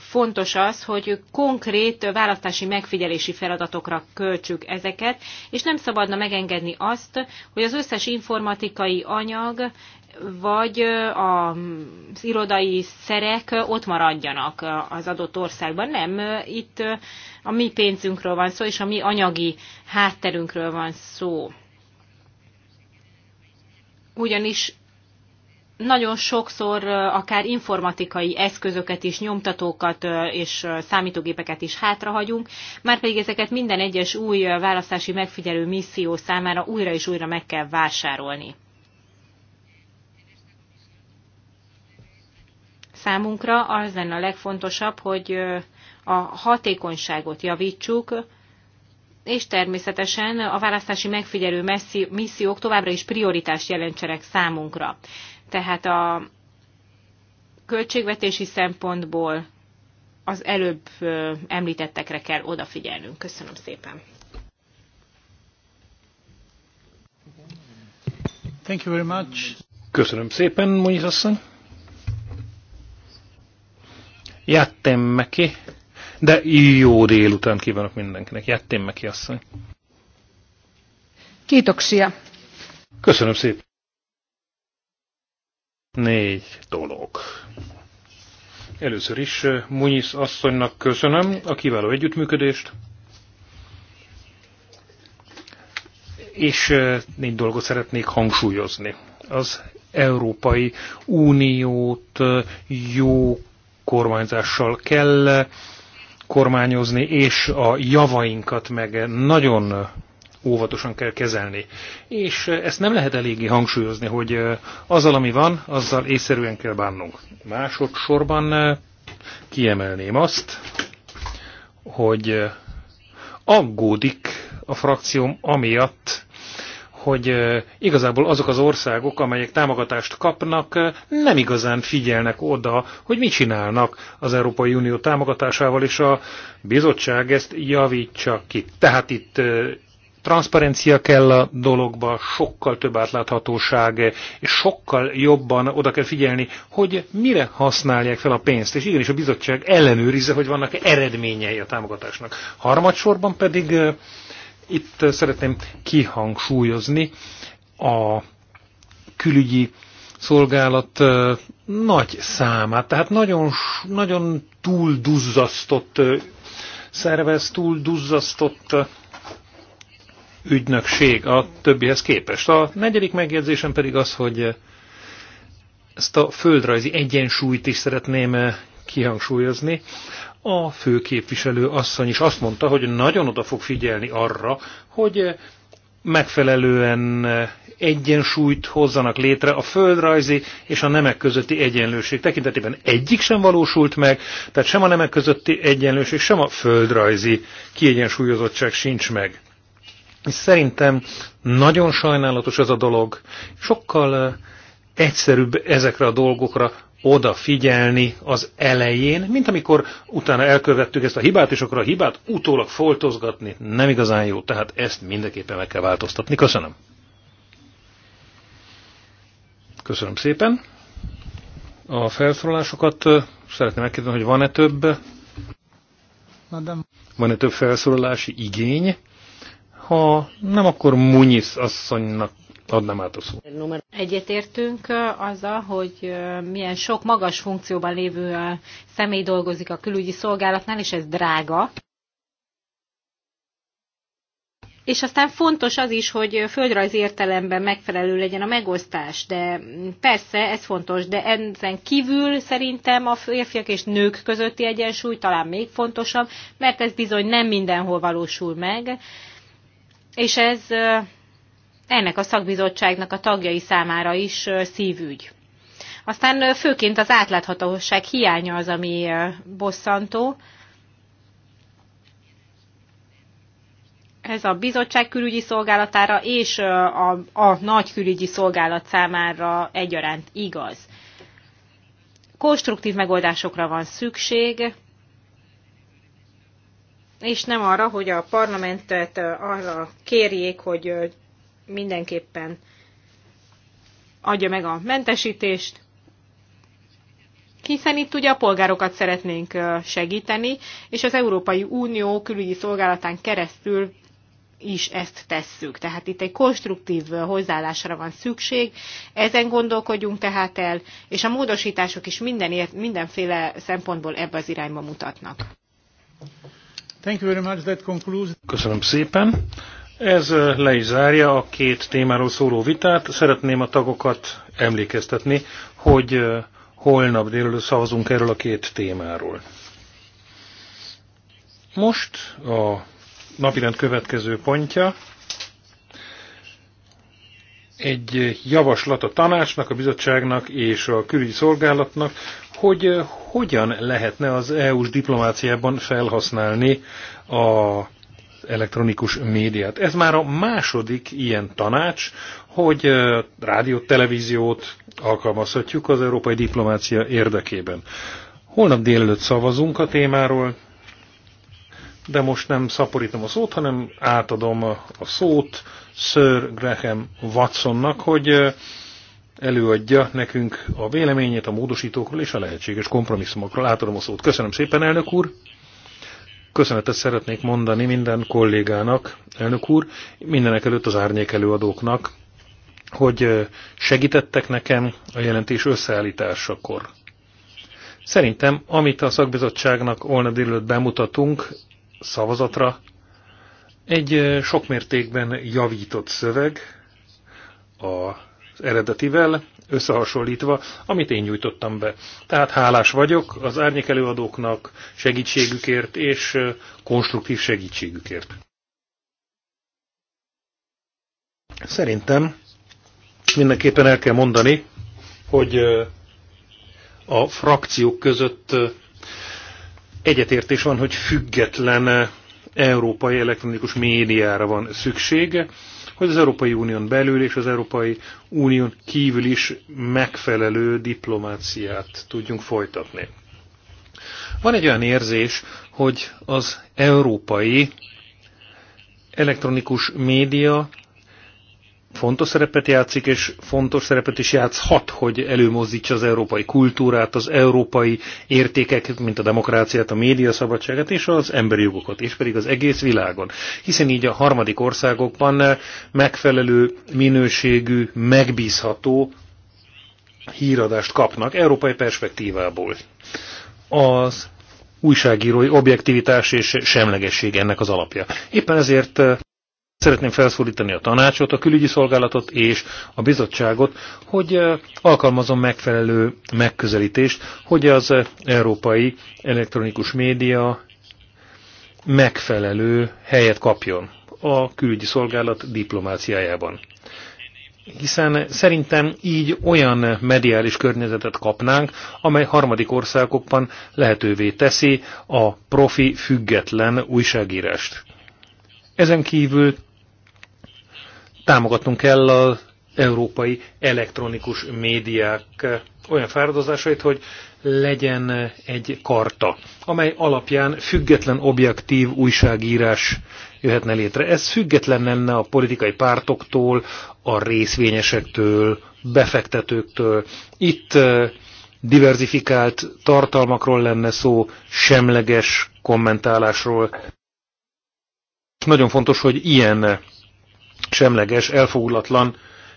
fontos az, hogy konkrét választási megfigyelési feladatokra költsük ezeket, és nem szabadna megengedni azt, hogy az összes informatikai anyag vagy az irodai szerek ott maradjanak az adott országban. Nem, itt a mi pénzünkről van szó, és a mi anyagi hátterünkről van szó. Ugyanis nagyon sokszor akár informatikai eszközöket is, nyomtatókat és számítógépeket is hátrahagyunk, már pedig ezeket minden egyes új választási megfigyelő misszió számára újra és újra meg kell vásárolni. Számunkra az lenne a legfontosabb, hogy a hatékonyságot javítsuk, és természetesen a választási megfigyelő missziók továbbra is prioritást jelentsenek számunkra. Tehát a költségvetési szempontból az előbb említettekre kell odafigyelnünk. Köszönöm szépen. Thank you very much. Köszönöm szépen, Moniz Sasson. Jattem meki, de jó délután kívánok mindenkinek. Jattem meki asszony. Kiitoksia. Köszönöm szépen négy dolog. Először is eh, Munyisz asszonynak köszönöm a kiváló együttműködést, és eh, négy dolgot szeretnék hangsúlyozni. Az Európai Uniót eh, jó kormányzással kell kormányozni, és a javainkat meg nagyon óvatosan kell kezelni. És eh, ezt nem lehet eléggé hangsúlyozni, hogy eh, azzal, ami van, azzal észszerűen kell bánnunk. Másodszorban eh, kiemelném azt, hogy aggódik a frakcióm amiatt, hogy igazából azok az országok, amelyek támogatást kapnak, nem igazán figyelnek oda, hogy mit csinálnak az Európai Unió támogatásával, és a bizottság ezt javítsa ki. Tehát itt transzparencia kell a dologba, sokkal több átláthatóság, és sokkal jobban oda kell figyelni, hogy mire használják fel a pénzt. És igenis a bizottság ellenőrizze, hogy vannak -e eredményei a támogatásnak. Harmadsorban pedig itt szeretném kihangsúlyozni a külügyi szolgálat nagy számát, tehát nagyon, nagyon túl duzzasztott szervez, túl duzzasztott ügynökség a többihez képest. A negyedik megjegyzésem pedig az, hogy ezt a földrajzi egyensúlyt is szeretném kihangsúlyozni. A főképviselő asszony is azt mondta, hogy nagyon oda fog figyelni arra, hogy megfelelően egyensúlyt hozzanak létre a földrajzi és a nemek közötti egyenlőség tekintetében egyik sem valósult meg, tehát sem a nemek közötti egyenlőség, sem a földrajzi kiegyensúlyozottság sincs meg. És szerintem nagyon sajnálatos ez a dolog. Sokkal egyszerűbb ezekre a dolgokra odafigyelni az elején, mint amikor utána elkövettük ezt a hibát, és akkor a hibát utólag foltozgatni nem igazán jó. Tehát ezt mindenképpen meg kell változtatni. Köszönöm. Köszönöm szépen. A felszólalásokat szeretném megkérdezni, hogy van-e több? Van-e több felszólalási igény? Ha nem, akkor Munyisz asszonynak adnám át a szót. Egyetértünk azzal, hogy milyen sok magas funkcióban lévő személy dolgozik a külügyi szolgálatnál, és ez drága. És aztán fontos az is, hogy földrajz értelemben megfelelő legyen a megosztás, de mm, persze ez fontos, de ezen kívül szerintem a férfiak és nők közötti egyensúly talán még fontosabb, mert ez bizony nem mindenhol valósul meg és ez ennek a szakbizottságnak a tagjai számára is szívügy. Aztán főként az átláthatóság hiánya az, ami bosszantó. Ez a bizottság külügyi szolgálatára és a, a nagy külügyi szolgálat számára egyaránt igaz. Konstruktív megoldásokra van szükség, és nem arra, hogy a parlamentet arra kérjék, hogy mindenképpen adja meg a mentesítést, hiszen itt ugye a polgárokat szeretnénk segíteni, és az Európai Unió külügyi szolgálatán keresztül is ezt tesszük. Tehát itt egy konstruktív hozzáállásra van szükség, ezen gondolkodjunk tehát el, és a módosítások is minden, mindenféle szempontból ebbe az irányba mutatnak. Köszönöm szépen. Ez le is zárja a két témáról szóló vitát. Szeretném a tagokat emlékeztetni, hogy holnap délelőtt szavazunk erről a két témáról. Most a napirend következő pontja egy javaslat a tanácsnak, a bizottságnak és a külügyi szolgálatnak, hogy hogyan lehetne az EU-s diplomáciában felhasználni a elektronikus médiát. Ez már a második ilyen tanács, hogy rádiót, televíziót alkalmazhatjuk az európai diplomácia érdekében. Holnap délelőtt szavazunk a témáról, de most nem szaporítom a szót, hanem átadom a szót Sir Graham Watsonnak, hogy előadja nekünk a véleményét a módosítókról és a lehetséges kompromisszumokról. Átadom a szót. Köszönöm szépen, elnök úr! Köszönetet szeretnék mondani minden kollégának, elnök úr, mindenek előtt az árnyék előadóknak, hogy segítettek nekem a jelentés összeállításakor. Szerintem, amit a szakbizottságnak holnap délelőtt bemutatunk, szavazatra egy sok mértékben javított szöveg az eredetivel összehasonlítva, amit én nyújtottam be. Tehát hálás vagyok az árnyék előadóknak segítségükért és konstruktív segítségükért. Szerintem mindenképpen el kell mondani, hogy a frakciók között egyetértés van, hogy független európai elektronikus médiára van szüksége, hogy az Európai Unión belül és az Európai Unión kívül is megfelelő diplomáciát tudjunk folytatni. Van egy olyan érzés, hogy az európai elektronikus média fontos szerepet játszik, és fontos szerepet is játszhat, hogy előmozdítsa az európai kultúrát, az európai értékeket, mint a demokráciát, a média szabadságát és az emberi jogokat, és pedig az egész világon. Hiszen így a harmadik országokban megfelelő minőségű, megbízható híradást kapnak európai perspektívából. Az újságírói objektivitás és semlegesség ennek az alapja. Éppen ezért Szeretném felszólítani a tanácsot, a külügyi szolgálatot és a bizottságot, hogy eh, alkalmazom megfelelő megközelítést, hogy az eh, európai elektronikus média megfelelő helyet kapjon a külügyi szolgálat diplomáciájában. Hiszen szerintem így olyan mediális környezetet kapnánk, amely harmadik országokban lehetővé teszi a profi független újságírást. Ezen kívül támogatnunk kell az európai elektronikus médiák olyan fáradozásait, hogy legyen egy karta, amely alapján független objektív újságírás jöhetne létre. Ez független lenne a politikai pártoktól, a részvényesektől, befektetőktől. Itt diversifikált tartalmakról lenne szó, semleges kommentálásról. Nagyon fontos, hogy ilyen semleges, elfogulatlan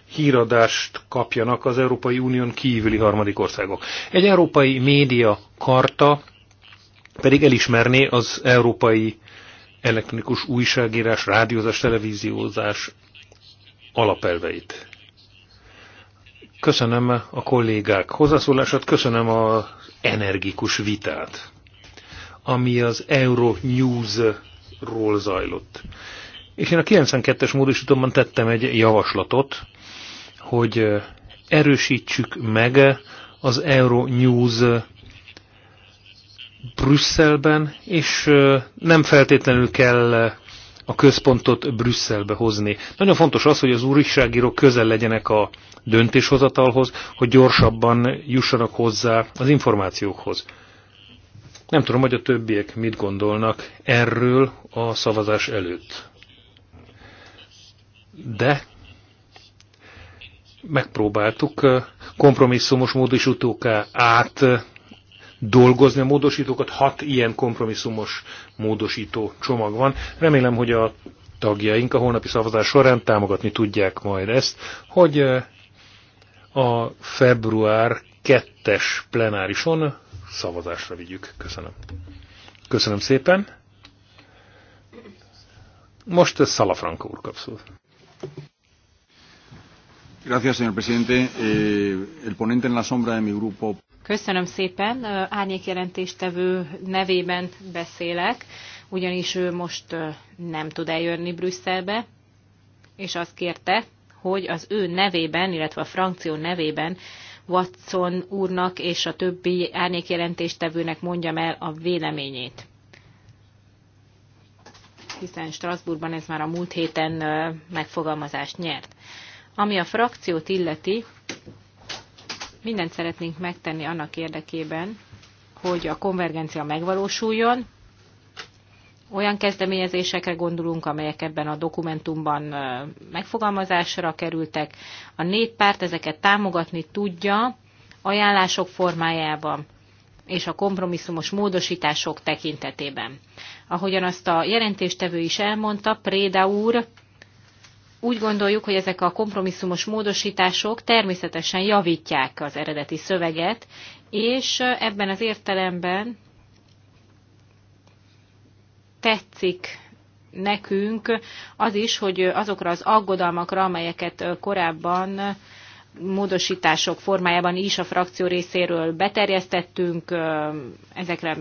híradást kapjanak az Európai Unión kívüli harmadik országok. Egy európai média karta pedig elismerné az európai elektronikus újságírás, rádiózás, televíziózás alapelveit. Köszönöm a kollégák hozzászólását, köszönöm az energikus vitát, ami az Euro News-ról zajlott. És én a 92-es módosítomban tettem egy javaslatot, hogy erősítsük meg az Euronews Brüsszelben, és nem feltétlenül kell a központot Brüsszelbe hozni. Nagyon fontos az, hogy az újságírók közel legyenek a döntéshozatalhoz, hogy gyorsabban jussanak hozzá az információkhoz. Nem tudom, hogy a többiek mit gondolnak erről a szavazás előtt de megpróbáltuk kompromisszumos módosítóká át dolgozni a módosítókat. Hat ilyen kompromisszumos módosító csomag van. Remélem, hogy a tagjaink a holnapi szavazás során támogatni tudják majd ezt, hogy a február 2-es plenárison szavazásra vigyük. Köszönöm. Köszönöm szépen. Most Szalafranka úr kapszul. Eh, Köszönöm szépen. Árnyékjelentéstevő nevében beszélek, ugyanis ő most nem tud eljönni Brüsszelbe, és azt kérte, hogy az ő nevében, illetve a frankció nevében Watson úrnak és a többi árnyékjelentéstevőnek mondjam el a véleményét hiszen Strasbourgban ez már a múlt héten megfogalmazást nyert. Ami a frakciót illeti, mindent szeretnénk megtenni annak érdekében, hogy a konvergencia megvalósuljon. Olyan kezdeményezésekre gondolunk, amelyek ebben a dokumentumban megfogalmazásra kerültek. A párt ezeket támogatni tudja ajánlások formájában és a kompromisszumos módosítások tekintetében. Ahogyan azt a jelentéstevő is elmondta, Préda úr, úgy gondoljuk, hogy ezek a kompromisszumos módosítások természetesen javítják az eredeti szöveget, és ebben az értelemben tetszik nekünk az is, hogy azokra az aggodalmakra, amelyeket korábban módosítások formájában is a frakció részéről beterjesztettünk, ezekre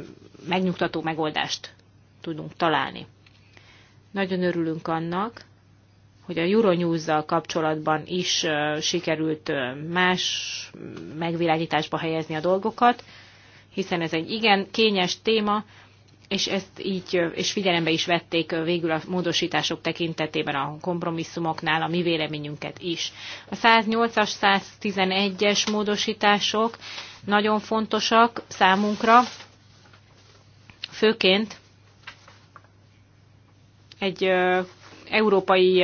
megnyugtató megoldást tudunk találni. Nagyon örülünk annak, hogy a Euronews-zal kapcsolatban is sikerült más megvilágításba helyezni a dolgokat, hiszen ez egy igen kényes téma, és ezt így, és figyelembe is vették végül a módosítások tekintetében a kompromisszumoknál a mi véleményünket is. A 108-as, 111-es módosítások nagyon fontosak számunkra, főként egy európai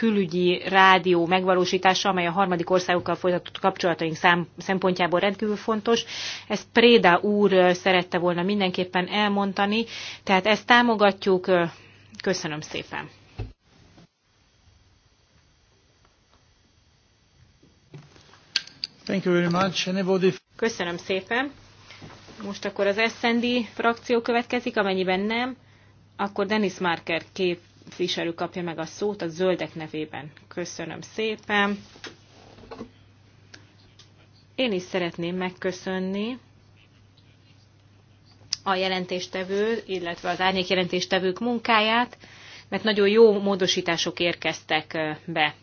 külügyi rádió megvalósítása, amely a harmadik országokkal folytatott kapcsolataink szám, szempontjából rendkívül fontos. Ezt Préda úr szerette volna mindenképpen elmondani, tehát ezt támogatjuk. Köszönöm szépen! Thank you very much. Anybody... Köszönöm szépen. Most akkor az SND frakció következik, amennyiben nem, akkor Denis Marker kép képviselő kapja meg a szót a zöldek nevében. Köszönöm szépen. Én is szeretném megköszönni a jelentéstevő, illetve az árnyék jelentéstevők munkáját, mert nagyon jó módosítások érkeztek be.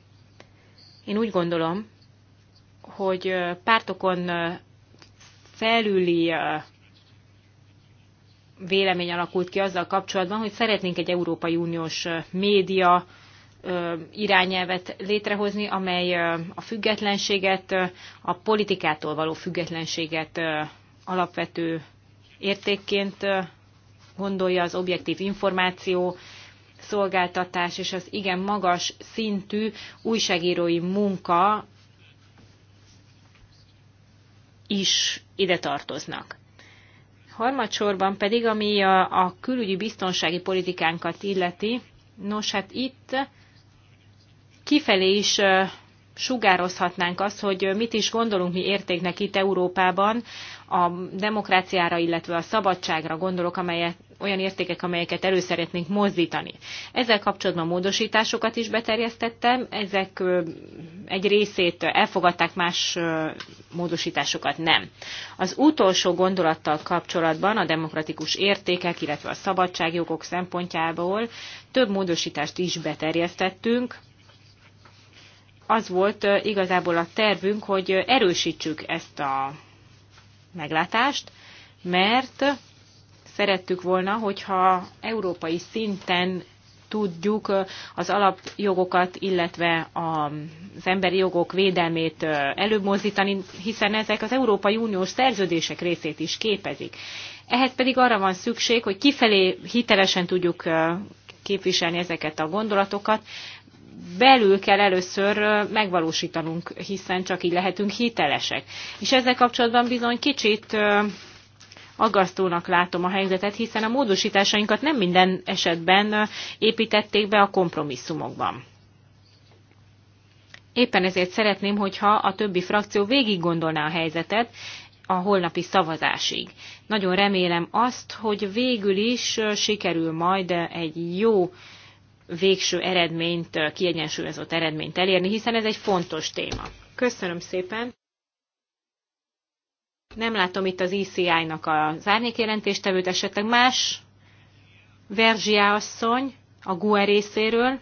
Én úgy gondolom, hogy pártokon felüli vélemény alakult ki azzal kapcsolatban, hogy szeretnénk egy Európai Uniós média irányelvet létrehozni, amely a függetlenséget, a politikától való függetlenséget alapvető értékként gondolja az objektív információ, szolgáltatás és az igen magas szintű újságírói munka is ide tartoznak. Harmadsorban pedig, ami a, a külügyi biztonsági politikánkat illeti, nos hát itt kifelé is sugározhatnánk azt, hogy mit is gondolunk mi értéknek itt Európában a demokráciára, illetve a szabadságra gondolok, amelyet, olyan értékek, amelyeket elő szeretnénk mozdítani. Ezzel kapcsolatban módosításokat is beterjesztettem, ezek egy részét elfogadták, más módosításokat nem. Az utolsó gondolattal kapcsolatban a demokratikus értékek, illetve a szabadságjogok szempontjából több módosítást is beterjesztettünk, az volt igazából a tervünk, hogy erősítsük ezt a meglátást, mert szerettük volna, hogyha európai szinten tudjuk az alapjogokat, illetve az emberi jogok védelmét előbb mozdítani, hiszen ezek az Európai Uniós szerződések részét is képezik. Ehhez pedig arra van szükség, hogy kifelé hitelesen tudjuk képviselni ezeket a gondolatokat, belül kell először megvalósítanunk, hiszen csak így lehetünk hitelesek. És ezzel kapcsolatban bizony kicsit aggasztónak látom a helyzetet, hiszen a módosításainkat nem minden esetben építették be a kompromisszumokban. Éppen ezért szeretném, hogyha a többi frakció végig gondolná a helyzetet a holnapi szavazásig. Nagyon remélem azt, hogy végül is sikerül majd egy jó végső eredményt, kiegyensúlyozott eredményt elérni, hiszen ez egy fontos téma. Köszönöm szépen! Nem látom itt az ICI-nak e az árnyékjelentéstevőt, esetleg más Verzsia asszony a GUE részéről,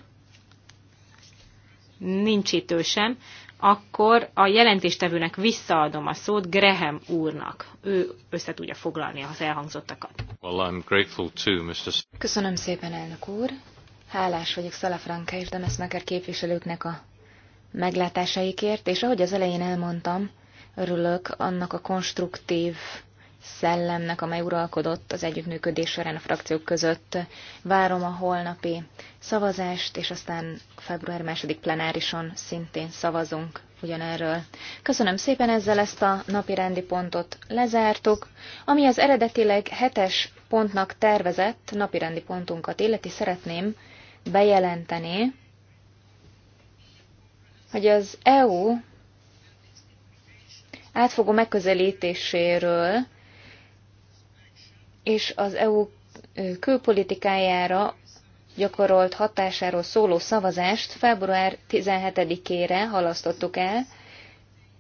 nincs itt ő sem, akkor a jelentéstevőnek visszaadom a szót Graham úrnak. Ő össze tudja foglalni az elhangzottakat. Well, I'm grateful too, Mr. Köszönöm szépen, elnök úr. Hálás vagyok Szalafranka és Demeszmeker képviselőknek a meglátásaikért, és ahogy az elején elmondtam, örülök annak a konstruktív szellemnek, amely uralkodott az együttműködés során a frakciók között. Várom a holnapi szavazást, és aztán február második plenárison szintén szavazunk ugyanerről. Köszönöm szépen ezzel ezt a napi rendi pontot lezártuk, ami az eredetileg hetes pontnak tervezett napi rendi pontunkat illeti szeretném, bejelenteni, hogy az EU átfogó megközelítéséről és az EU külpolitikájára gyakorolt hatásáról szóló szavazást február 17-ére halasztottuk el,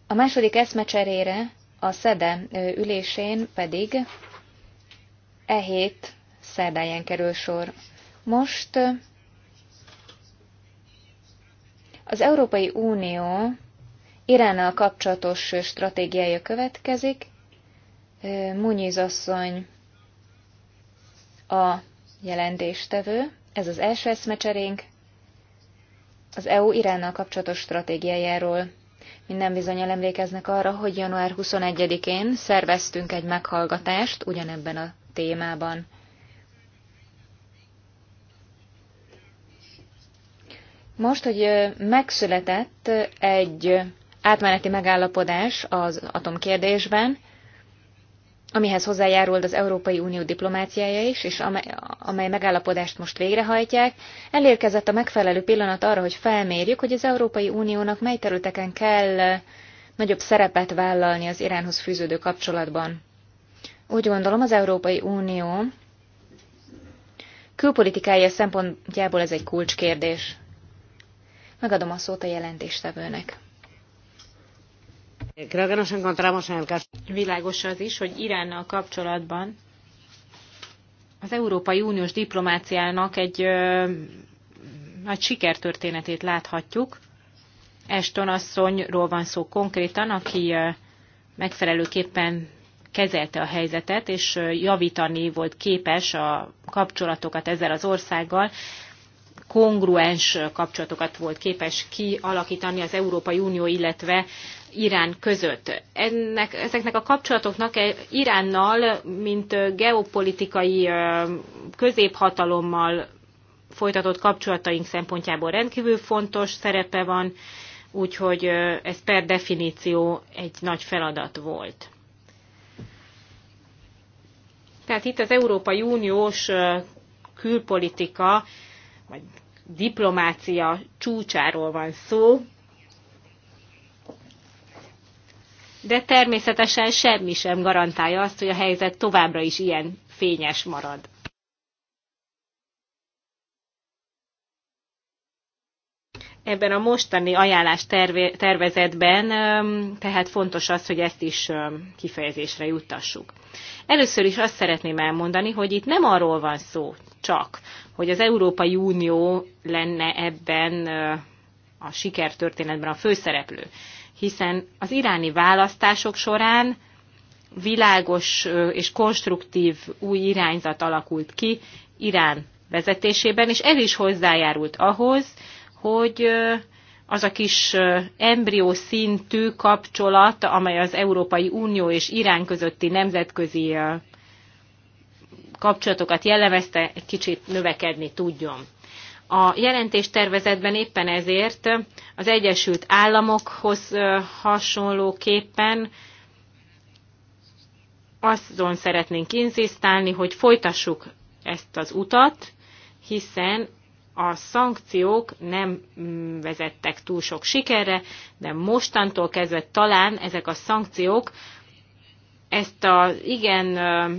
a második eszmecserére a SZEDE ülésén pedig e hét szerdáján kerül sor. Most az Európai Unió Iránnal kapcsolatos stratégiája következik. Munyiz asszony a jelentéstevő. Ez az első eszmecserénk az EU Iránnal kapcsolatos stratégiájáról. Minden bizonyal emlékeznek arra, hogy január 21-én szerveztünk egy meghallgatást ugyanebben a témában. Most, hogy megszületett egy átmeneti megállapodás az atomkérdésben, amihez hozzájárult az Európai Unió diplomáciája is, és amely, amely megállapodást most végrehajtják, elérkezett a megfelelő pillanat arra, hogy felmérjük, hogy az Európai Uniónak mely területeken kell nagyobb szerepet vállalni az Iránhoz fűződő kapcsolatban. Úgy gondolom, az Európai Unió külpolitikája szempontjából ez egy kulcskérdés. Megadom a szót a jelentéstevőnek. Világos az is, hogy Iránnal kapcsolatban az Európai Uniós diplomáciának egy ö, nagy sikertörténetét láthatjuk. Eston asszonyról van szó konkrétan, aki ö, megfelelőképpen kezelte a helyzetet, és javítani volt képes a kapcsolatokat ezzel az országgal, kongruens kapcsolatokat volt képes kialakítani az Európai Unió, illetve Irán között. Ennek, ezeknek a kapcsolatoknak e Iránnal, mint geopolitikai középhatalommal folytatott kapcsolataink szempontjából rendkívül fontos szerepe van, úgyhogy ez per definíció egy nagy feladat volt. Tehát itt az Európai Uniós külpolitika, vagy diplomácia csúcsáról van szó, de természetesen semmi sem garantálja azt, hogy a helyzet továbbra is ilyen fényes marad. ebben a mostani ajánlás terve, tervezetben, tehát fontos az, hogy ezt is kifejezésre juttassuk. Először is azt szeretném elmondani, hogy itt nem arról van szó csak, hogy az Európai Unió lenne ebben a sikertörténetben a főszereplő, hiszen az iráni választások során világos és konstruktív új irányzat alakult ki Irán vezetésében, és ez is hozzájárult ahhoz, hogy az a kis embrió szintű kapcsolat, amely az Európai Unió és Irán közötti nemzetközi kapcsolatokat jellemezte, egy kicsit növekedni tudjon. A jelentés tervezetben éppen ezért az Egyesült Államokhoz hasonlóképpen azon szeretnénk inzisztálni, hogy folytassuk ezt az utat, hiszen a szankciók nem mm, vezettek túl sok sikerre, de mostantól kezdve talán ezek a szankciók ezt az igen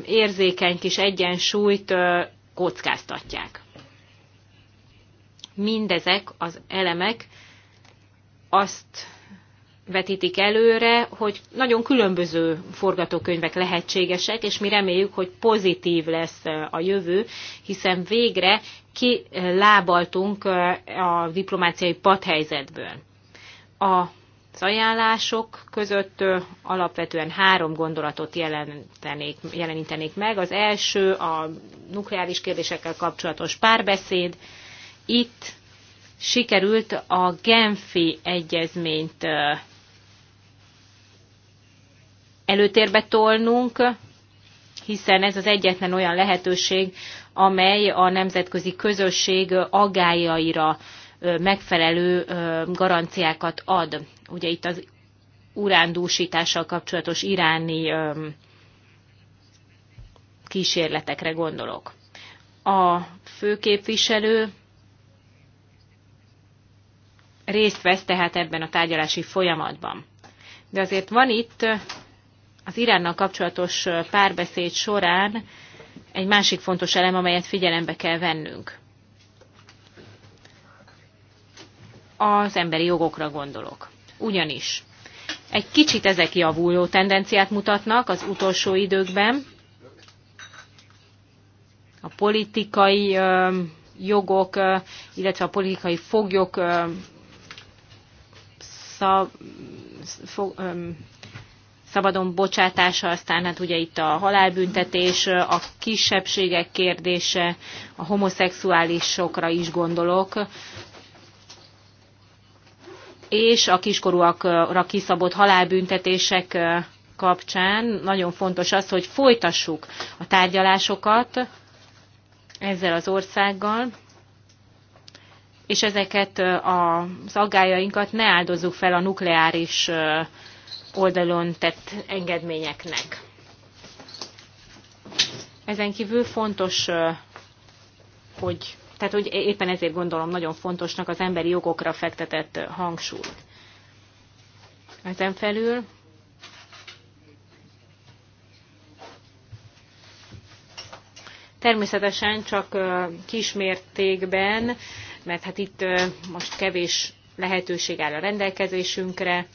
érzékeny kis egyensúlyt kockáztatják. Mindezek az elemek azt vetítik előre, hogy nagyon különböző forgatókönyvek lehetségesek, és mi reméljük, hogy pozitív lesz a jövő, hiszen végre kilábaltunk a diplomáciai padhelyzetből. A az ajánlások között alapvetően három gondolatot jelentenék, jelenítenék meg. Az első a nukleáris kérdésekkel kapcsolatos párbeszéd. Itt sikerült a Genfi egyezményt előtérbe tolnunk, hiszen ez az egyetlen olyan lehetőség, amely a nemzetközi közösség agályaira megfelelő garanciákat ad. Ugye itt az urándúsítással kapcsolatos iráni kísérletekre gondolok. A főképviselő részt vesz tehát ebben a tárgyalási folyamatban. De azért van itt az Iránnal kapcsolatos párbeszéd során egy másik fontos elem, amelyet figyelembe kell vennünk. Az emberi jogokra gondolok. Ugyanis egy kicsit ezek javuló tendenciát mutatnak az utolsó időkben. A politikai jogok, illetve a politikai foglyok fog, szabadon bocsátása, aztán hát ugye itt a halálbüntetés, a kisebbségek kérdése, a homoszexuálisokra is gondolok, és a kiskorúakra kiszabott halálbüntetések kapcsán nagyon fontos az, hogy folytassuk a tárgyalásokat ezzel az országgal, és ezeket az aggájainkat ne áldozzuk fel a nukleáris oldalon tett engedményeknek. Ezen kívül fontos, hogy, tehát hogy éppen ezért gondolom nagyon fontosnak az emberi jogokra fektetett hangsúlyt. Ezen felül természetesen csak kismértékben, mert hát itt most kevés lehetőség áll a rendelkezésünkre,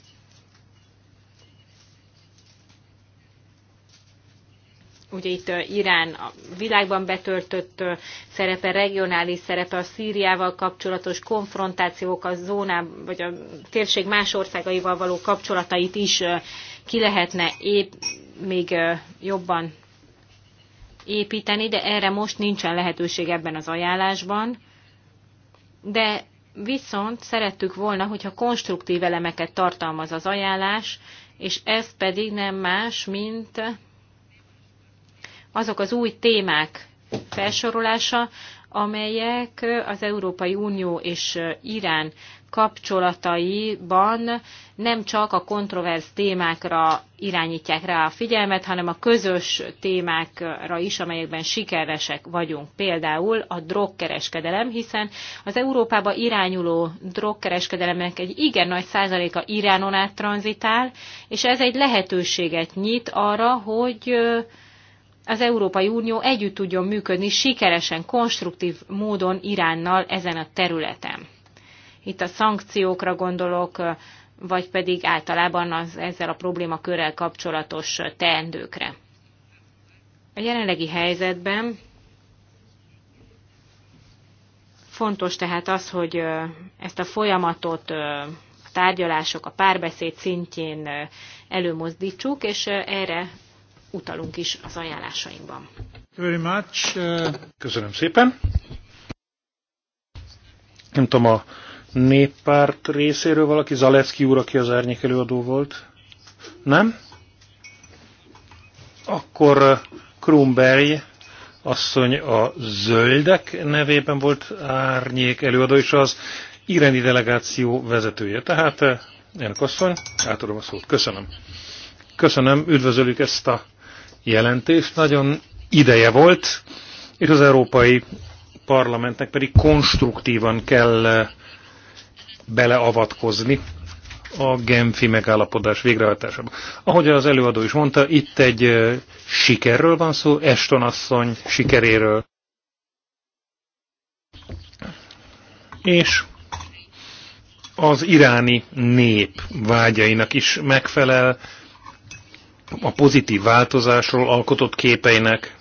ugye itt Irán a világban betöltött szerepe, regionális szerepe, a Szíriával kapcsolatos konfrontációk, a zónám, vagy a térség más országaival való kapcsolatait is ki lehetne épp még jobban építeni, de erre most nincsen lehetőség ebben az ajánlásban. De viszont szerettük volna, hogyha konstruktív elemeket tartalmaz az ajánlás, és ez pedig nem más, mint azok az új témák felsorolása, amelyek az Európai Unió és Irán kapcsolataiban nem csak a kontroverz témákra irányítják rá a figyelmet, hanem a közös témákra is, amelyekben sikeresek vagyunk. Például a drogkereskedelem, hiszen az Európába irányuló drogkereskedelemnek egy igen nagy százaléka Iránon át tranzitál, és ez egy lehetőséget nyit arra, hogy az Európai Unió együtt tudjon működni sikeresen, konstruktív módon Iránnal ezen a területen. Itt a szankciókra gondolok, vagy pedig általában az, ezzel a problémakörrel kapcsolatos teendőkre. A jelenlegi helyzetben fontos tehát az, hogy ezt a folyamatot a tárgyalások, a párbeszéd szintjén előmozdítsuk, és erre utalunk is az ajánlásainkban. Very much. Uh, Köszönöm szépen. Nem tudom, a néppárt részéről valaki, Zaleszki úr, aki az árnyék előadó volt. Nem? Akkor uh, Krumberg asszony a Zöldek nevében volt árnyék előadó, és az iráni delegáció vezetője. Tehát, uh, Ennek asszony, átadom a szót. Köszönöm. Köszönöm, üdvözöljük ezt a Jelentés Nagyon ideje volt, és az Európai Parlamentnek pedig konstruktívan kell eh, beleavatkozni a Genfi megállapodás végrehajtásába. Ahogy az előadó is mondta, itt egy eh, sikerről van szó, Eston asszony sikeréről. És az iráni nép vágyainak is megfelel, a pozitív változásról alkotott képeinek,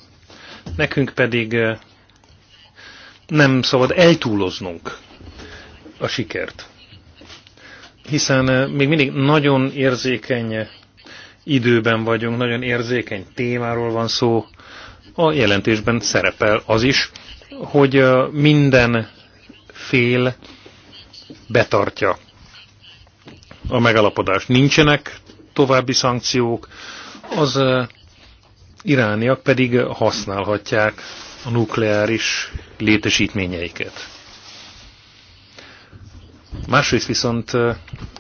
nekünk pedig eh, nem szabad eltúloznunk a sikert. Hiszen eh, még mindig nagyon érzékeny időben vagyunk, nagyon érzékeny témáról van szó. A jelentésben szerepel az is, hogy eh, minden fél betartja a megalapodást. Nincsenek további szankciók, az irániak pedig használhatják a nukleáris létesítményeiket. Másrészt viszont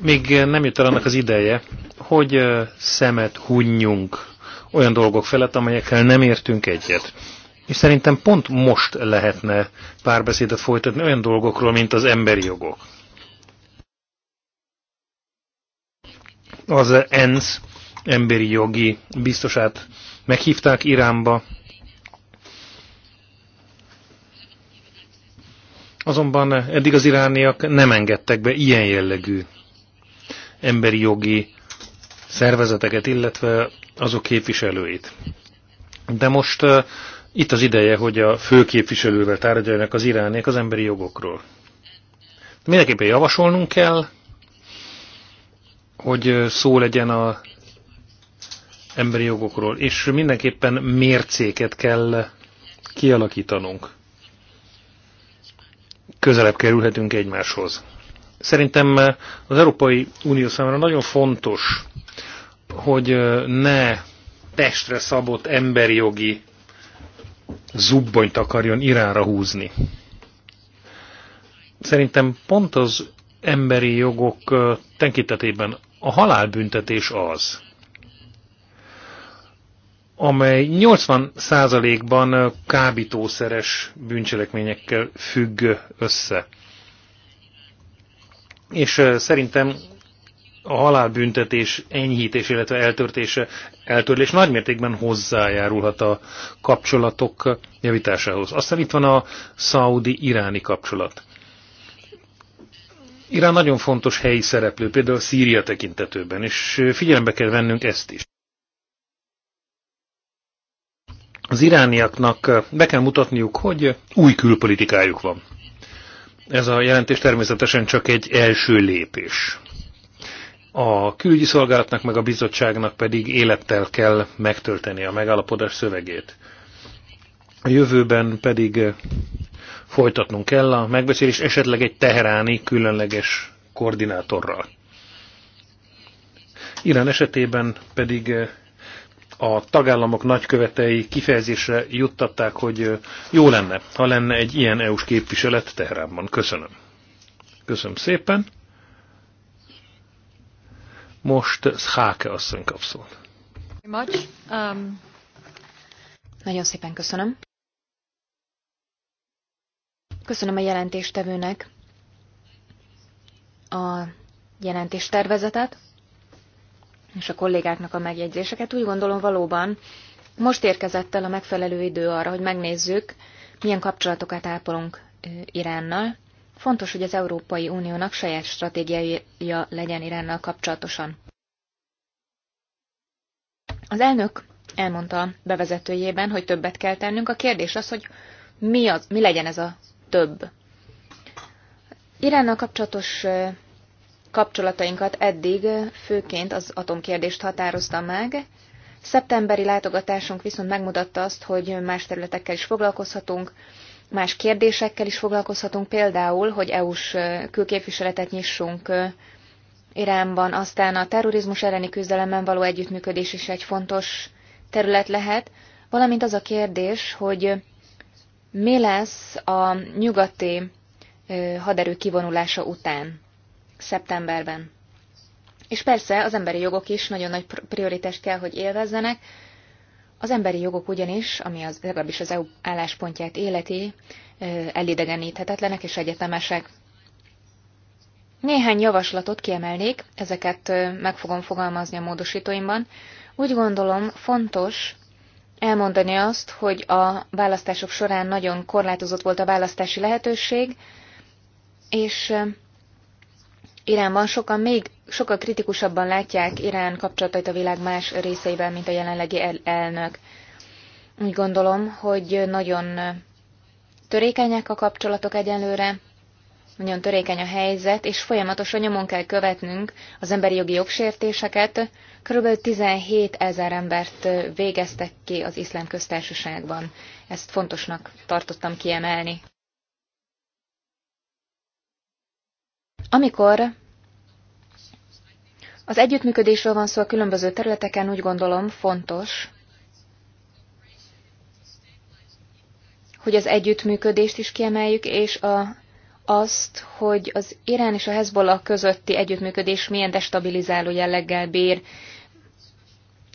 még nem jött el annak az ideje, hogy szemet hunyjunk olyan dolgok felett, amelyekkel nem értünk egyet. És szerintem pont most lehetne párbeszédet folytatni olyan dolgokról, mint az emberi jogok. az ENSZ emberi jogi biztosát meghívták Iránba, Azonban eddig az irániak nem engedtek be ilyen jellegű emberi jogi szervezeteket, illetve azok képviselőit. De most uh, itt az ideje, hogy a főképviselővel tárgyaljanak az irániak az emberi jogokról. Mindenképpen javasolnunk kell, hogy szó legyen a emberi jogokról, és mindenképpen mércéket kell kialakítanunk. Közelebb kerülhetünk egymáshoz. Szerintem az Európai Unió számára nagyon fontos, hogy ne testre szabott emberi jogi zubbonyt akarjon Iránra húzni. Szerintem pont az emberi jogok tekintetében a halálbüntetés az, amely 80%-ban kábítószeres bűncselekményekkel függ össze. És eh, szerintem a halálbüntetés enyhítés, illetve eltörtése, eltörlés nagymértékben hozzájárulhat a kapcsolatok javításához. Aztán itt van a szaudi-iráni kapcsolat. Irán nagyon fontos helyi szereplő, például Szíria tekintetőben, és figyelembe kell vennünk ezt is. Az irániaknak be kell mutatniuk, hogy új külpolitikájuk van. Ez a jelentés természetesen csak egy első lépés. A külügyi szolgálatnak meg a bizottságnak pedig élettel kell megtölteni a megállapodás szövegét. A jövőben pedig folytatnunk kell a megbeszélés, esetleg egy teheráni különleges koordinátorral. Irán esetében pedig eh, a tagállamok nagykövetei kifejezésre juttatták, hogy eh, jó lenne, ha lenne egy ilyen EU-s képviselet Teheránban. Köszönöm. Köszönöm szépen. Most Szháke asszony kapszol. Um, nagyon szépen köszönöm. Köszönöm a jelentéstevőnek a jelentéstervezetet és a kollégáknak a megjegyzéseket. Úgy gondolom valóban most érkezett el a megfelelő idő arra, hogy megnézzük, milyen kapcsolatokat ápolunk Iránnal. Fontos, hogy az Európai Uniónak saját stratégiája legyen Iránnal kapcsolatosan. Az elnök elmondta bevezetőjében, hogy többet kell tennünk. A kérdés az, hogy mi, az, mi legyen ez a több. Iránnal kapcsolatos kapcsolatainkat eddig főként az atomkérdést határozta meg. Szeptemberi látogatásunk viszont megmutatta azt, hogy más területekkel is foglalkozhatunk, más kérdésekkel is foglalkozhatunk, például, hogy EU-s külképviseletet nyissunk Iránban, aztán a terrorizmus elleni küzdelemben való együttműködés is egy fontos terület lehet, valamint az a kérdés, hogy mi lesz a nyugati haderő kivonulása után, szeptemberben. És persze az emberi jogok is nagyon nagy prioritást kell, hogy élvezzenek. Az emberi jogok ugyanis, ami az, legalábbis az EU álláspontját életi, elidegeníthetetlenek és egyetemesek. Néhány javaslatot kiemelnék, ezeket meg fogom fogalmazni a módosítóimban. Úgy gondolom fontos, elmondani azt, hogy a választások során nagyon korlátozott volt a választási lehetőség, és Iránban sokan még sokkal kritikusabban látják Irán kapcsolatait a világ más részeivel, mint a jelenlegi el- elnök. Úgy gondolom, hogy nagyon törékenyek a kapcsolatok egyenlőre, nagyon törékeny a helyzet, és folyamatosan nyomon kell követnünk az emberi jogi jogsértéseket. Körülbelül 17 ezer embert végeztek ki az iszlám köztársaságban. Ezt fontosnak tartottam kiemelni. Amikor az együttműködésről van szó a különböző területeken, úgy gondolom fontos, hogy az együttműködést is kiemeljük, és a azt, hogy az Irán és a Hezbollah közötti együttműködés milyen destabilizáló jelleggel bír.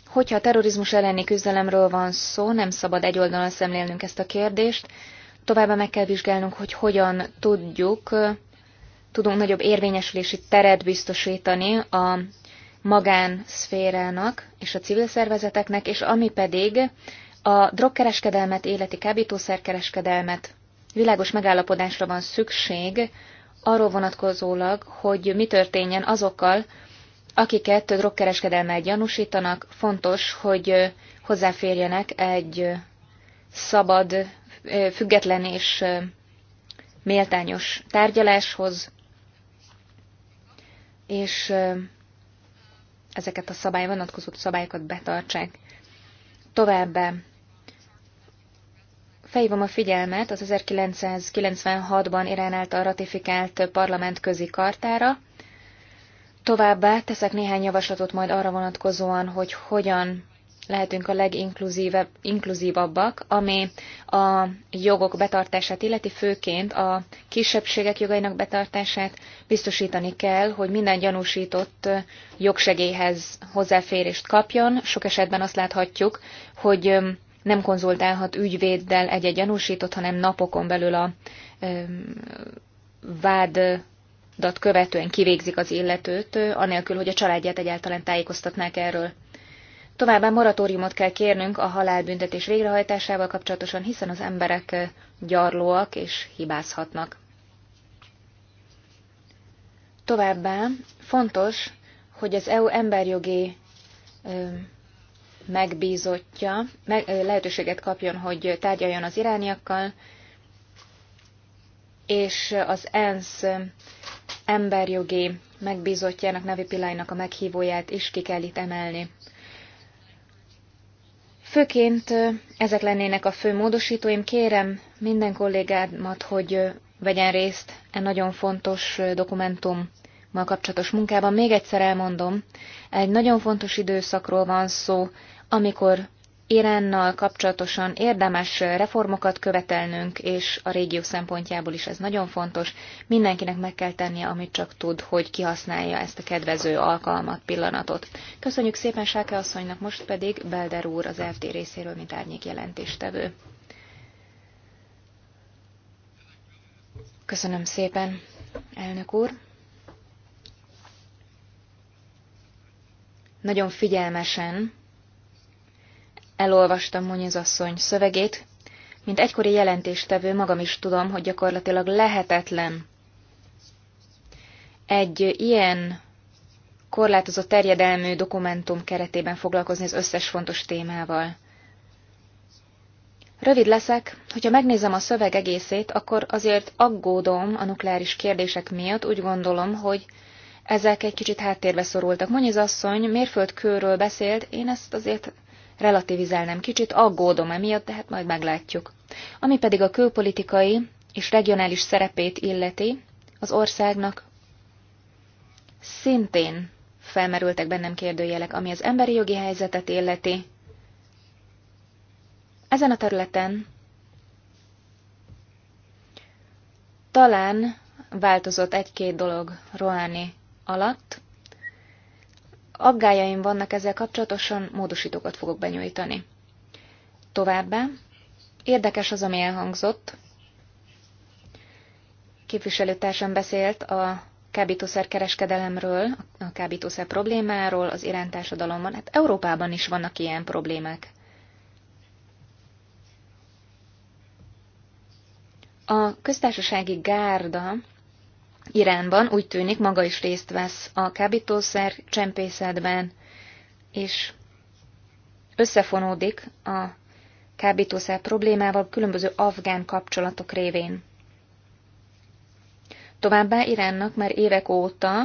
Hogyha a terrorizmus elleni küzdelemről van szó, nem szabad egy oldalon szemlélnünk ezt a kérdést, továbbá meg kell vizsgálnunk, hogy hogyan tudjuk, tudunk nagyobb érvényesülési teret biztosítani a magánszférának és a civil szervezeteknek, és ami pedig a drogkereskedelmet, életi kábítószerkereskedelmet világos megállapodásra van szükség arról vonatkozólag, hogy mi történjen azokkal, akiket drogkereskedelmel gyanúsítanak, fontos, hogy hozzáférjenek egy szabad, független és méltányos tárgyaláshoz, és ezeket a szabály vonatkozó szabályokat betartsák. Továbbá Felhívom a figyelmet az 1996-ban Irán által ratifikált közi kartára. Továbbá teszek néhány javaslatot majd arra vonatkozóan, hogy hogyan lehetünk a leginkluzívabbak, ami a jogok betartását illeti, főként a kisebbségek jogainak betartását biztosítani kell, hogy minden gyanúsított jogsegélyhez hozzáférést kapjon. Sok esetben azt láthatjuk, hogy nem konzultálhat ügyvéddel egy-egy gyanúsított, hanem napokon belül a vádat követően kivégzik az illetőt, anélkül, hogy a családját egyáltalán tájékoztatnák erről. Továbbá moratóriumot kell kérnünk a halálbüntetés végrehajtásával kapcsolatosan, hiszen az emberek gyarlóak és hibázhatnak. Továbbá fontos, hogy az EU emberjogi megbízottja meg, lehetőséget kapjon, hogy tárgyaljon az irániakkal, és az ENSZ emberjogi megbízottjának, Navi Pillainak a meghívóját is ki kell itt emelni. Főként ezek lennének a fő módosítóim. Kérem minden kollégámat, hogy vegyen részt e nagyon fontos dokumentummal kapcsolatos munkában. Még egyszer elmondom, egy nagyon fontos időszakról van szó, amikor Iránnal kapcsolatosan érdemes reformokat követelnünk, és a régió szempontjából is ez nagyon fontos. Mindenkinek meg kell tennie, amit csak tud, hogy kihasználja ezt a kedvező alkalmat, pillanatot. Köszönjük szépen Sáke asszonynak, most pedig Belder úr az FD részéről, mint árnyék jelentéstevő. Köszönöm szépen, elnök úr. Nagyon figyelmesen Elolvastam Monyiz asszony szövegét. Mint egykori jelentéstevő magam is tudom, hogy gyakorlatilag lehetetlen egy ilyen korlátozott terjedelmű dokumentum keretében foglalkozni az összes fontos témával. Rövid leszek, hogyha megnézem a szöveg egészét, akkor azért aggódom a nukleáris kérdések miatt, úgy gondolom, hogy ezek egy kicsit háttérbe szorultak. Monyiz asszony mérföldkőről beszélt, én ezt azért relativizálnám kicsit, aggódom emiatt, de hát majd meglátjuk. Ami pedig a külpolitikai és regionális szerepét illeti, az országnak szintén felmerültek bennem kérdőjelek, ami az emberi jogi helyzetet illeti. Ezen a területen talán változott egy-két dolog Rohani alatt, Aggájaim vannak ezzel kapcsolatosan, módosítókat fogok benyújtani. Továbbá, érdekes az, ami elhangzott. Képviselőtársam beszélt a kábítószer kereskedelemről, a kábítószer problémáról, az irántársadalomban. Hát Európában is vannak ilyen problémák. A köztársasági gárda Iránban úgy tűnik maga is részt vesz a kábítószer csempészetben, és összefonódik a kábítószer problémával különböző afgán kapcsolatok révén. Továbbá Iránnak már évek óta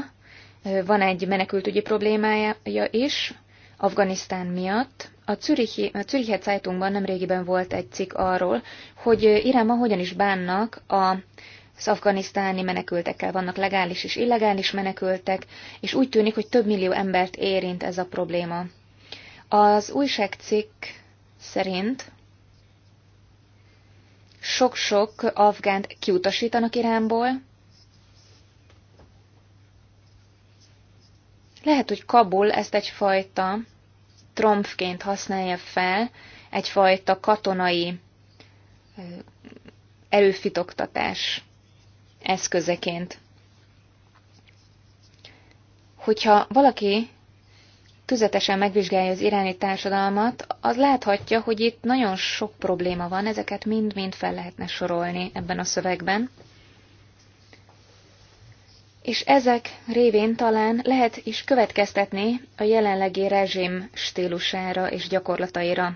van egy menekültügyi problémája is, Afganisztán miatt. A Zürichi, a Züriche Zeitungban nemrégiben volt egy cikk arról, hogy Iránban hogyan is bánnak a az afganisztáni menekültekkel vannak legális és illegális menekültek, és úgy tűnik, hogy több millió embert érint ez a probléma. Az újságcikk szerint sok-sok afgánt kiutasítanak Iránból. Lehet, hogy Kabul ezt egyfajta trompként használja fel, egyfajta katonai erőfitoktatás eszközeként. Hogyha valaki tüzetesen megvizsgálja az iráni társadalmat, az láthatja, hogy itt nagyon sok probléma van, ezeket mind-mind fel lehetne sorolni ebben a szövegben. És ezek révén talán lehet is következtetni a jelenlegi rezsim stílusára és gyakorlataira.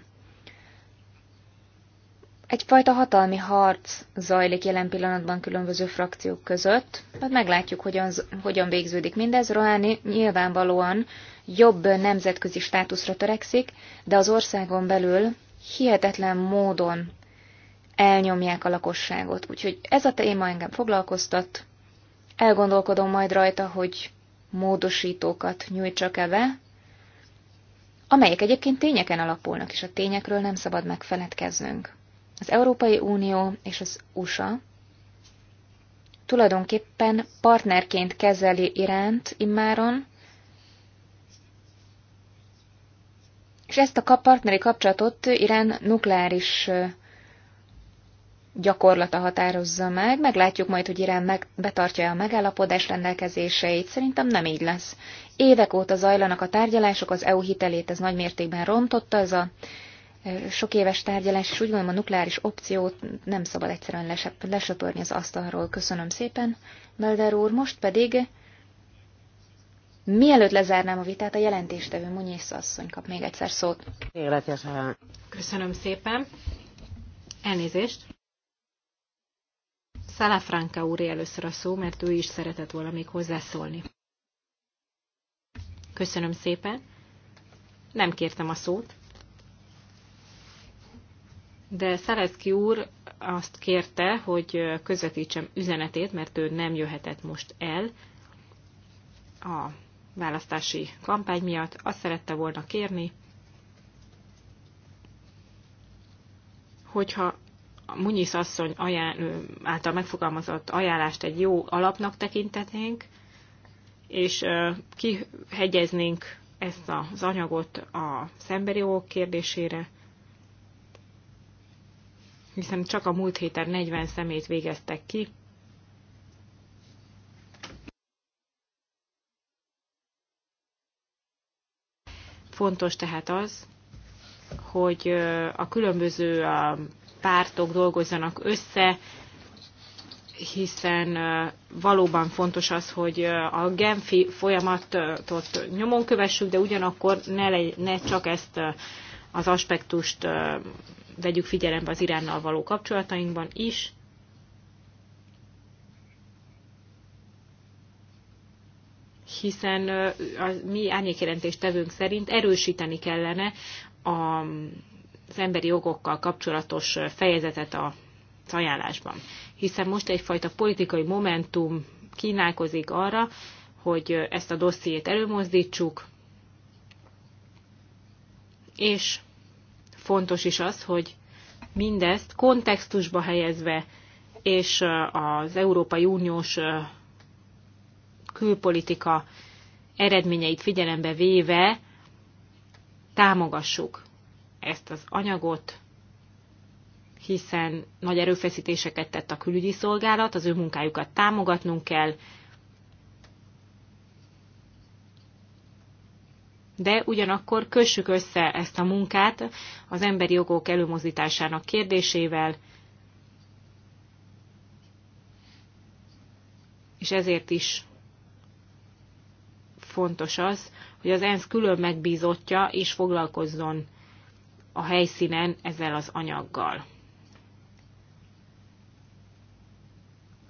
Egyfajta hatalmi harc zajlik jelen pillanatban különböző frakciók között, mert hát meglátjuk, hogyan, hogyan végződik mindez. Rohani nyilvánvalóan jobb nemzetközi státuszra törekszik, de az országon belül hihetetlen módon elnyomják a lakosságot. Úgyhogy ez a téma engem foglalkoztat. Elgondolkodom majd rajta, hogy módosítókat nyújtsak eve, amelyek egyébként tényeken alapulnak, és a tényekről nem szabad megfeledkeznünk. Az Európai Unió és az USA tulajdonképpen partnerként kezeli Iránt immáron, és ezt a partneri kapcsolatot Irán nukleáris gyakorlata határozza meg. Meglátjuk majd, hogy Irán meg, betartja a megállapodás rendelkezéseit. Szerintem nem így lesz. Évek óta zajlanak a tárgyalások, az EU hitelét ez nagymértékben rontotta, ez a sok éves tárgyalás, és úgy gondolom a nukleáris opciót nem szabad egyszerűen lesöpörni az asztalról. Köszönöm szépen, Melder úr. Most pedig, mielőtt lezárnám a vitát, a jelentéstevő Munyész asszony kap még egyszer szót. Köszönöm szépen. Elnézést. franka úr először a szó, mert ő is szeretett volna még hozzászólni. Köszönöm szépen. Nem kértem a szót de Szalecki úr azt kérte, hogy közvetítsem üzenetét, mert ő nem jöhetett most el a választási kampány miatt. Azt szerette volna kérni, hogyha Munyisz asszony által megfogalmazott ajánlást egy jó alapnak tekintetnénk, és kihegyeznénk ezt az anyagot a szemberi jogok kérdésére, hiszen csak a múlt héten 40 szemét végeztek ki. Fontos tehát az, hogy a különböző pártok dolgozzanak össze, hiszen valóban fontos az, hogy a Genfi folyamatot nyomon kövessük, de ugyanakkor ne, le, ne csak ezt az aspektust vegyük figyelembe az Iránnal való kapcsolatainkban is. hiszen a mi árnyékjelentéstevőnk szerint erősíteni kellene a az emberi jogokkal kapcsolatos fejezetet a ajánlásban. Hiszen most egyfajta politikai momentum kínálkozik arra, hogy ezt a dossziét előmozdítsuk, és fontos is az, hogy mindezt kontextusba helyezve és az Európai Uniós külpolitika eredményeit figyelembe véve támogassuk ezt az anyagot, hiszen nagy erőfeszítéseket tett a külügyi szolgálat, az ő munkájukat támogatnunk kell, de ugyanakkor kössük össze ezt a munkát az emberi jogok előmozdításának kérdésével, és ezért is fontos az, hogy az ENSZ külön megbízottja is foglalkozzon a helyszínen ezzel az anyaggal.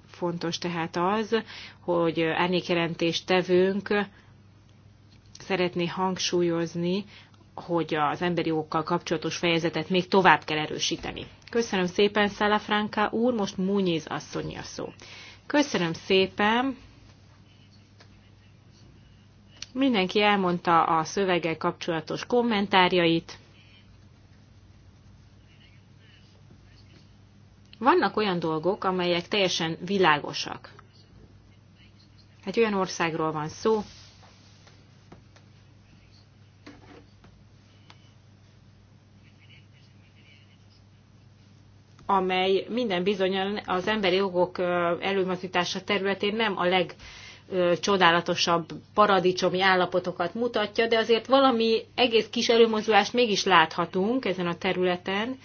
Fontos tehát az, hogy árnyékjelentést tevünk szeretné hangsúlyozni, hogy az emberi jogokkal kapcsolatos fejezetet még tovább kell erősíteni. Köszönöm szépen, Franka úr, most Múnyéz asszony a szó. Köszönöm szépen. Mindenki elmondta a szöveggel kapcsolatos kommentárjait. Vannak olyan dolgok, amelyek teljesen világosak. Hát olyan országról van szó, amely minden bizonyan az emberi jogok előmozdítása területén nem a leg csodálatosabb paradicsomi állapotokat mutatja, de azért valami egész kis előmozdulást mégis láthatunk ezen a területen,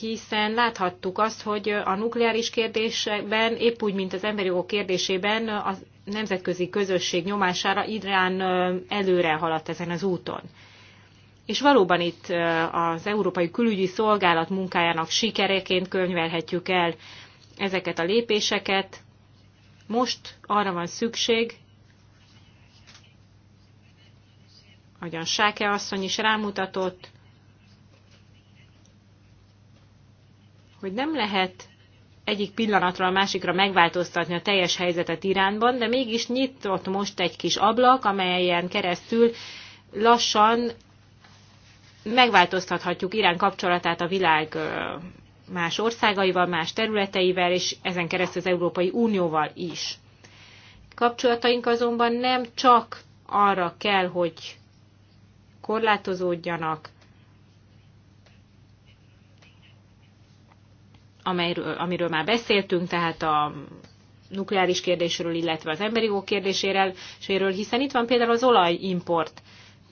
hiszen láthattuk azt, hogy a nukleáris kérdésekben, épp úgy, mint az emberi jogok kérdésében, a nemzetközi közösség nyomására Irán előre haladt ezen az úton és valóban itt az Európai Külügyi Szolgálat munkájának sikereként könyvelhetjük el ezeket a lépéseket. Most arra van szükség, ahogyan Sáke asszony is rámutatott, hogy nem lehet egyik pillanatra a másikra megváltoztatni a teljes helyzetet Iránban, de mégis nyitott most egy kis ablak, amelyen keresztül lassan megváltoztathatjuk Irán kapcsolatát a világ más országaival, más területeivel, és ezen keresztül az Európai Unióval is. Kapcsolataink azonban nem csak arra kell, hogy korlátozódjanak, amelyről, amiről már beszéltünk, tehát a nukleáris kérdésről, illetve az emberi jogok kérdéséről, hiszen itt van például az olajimport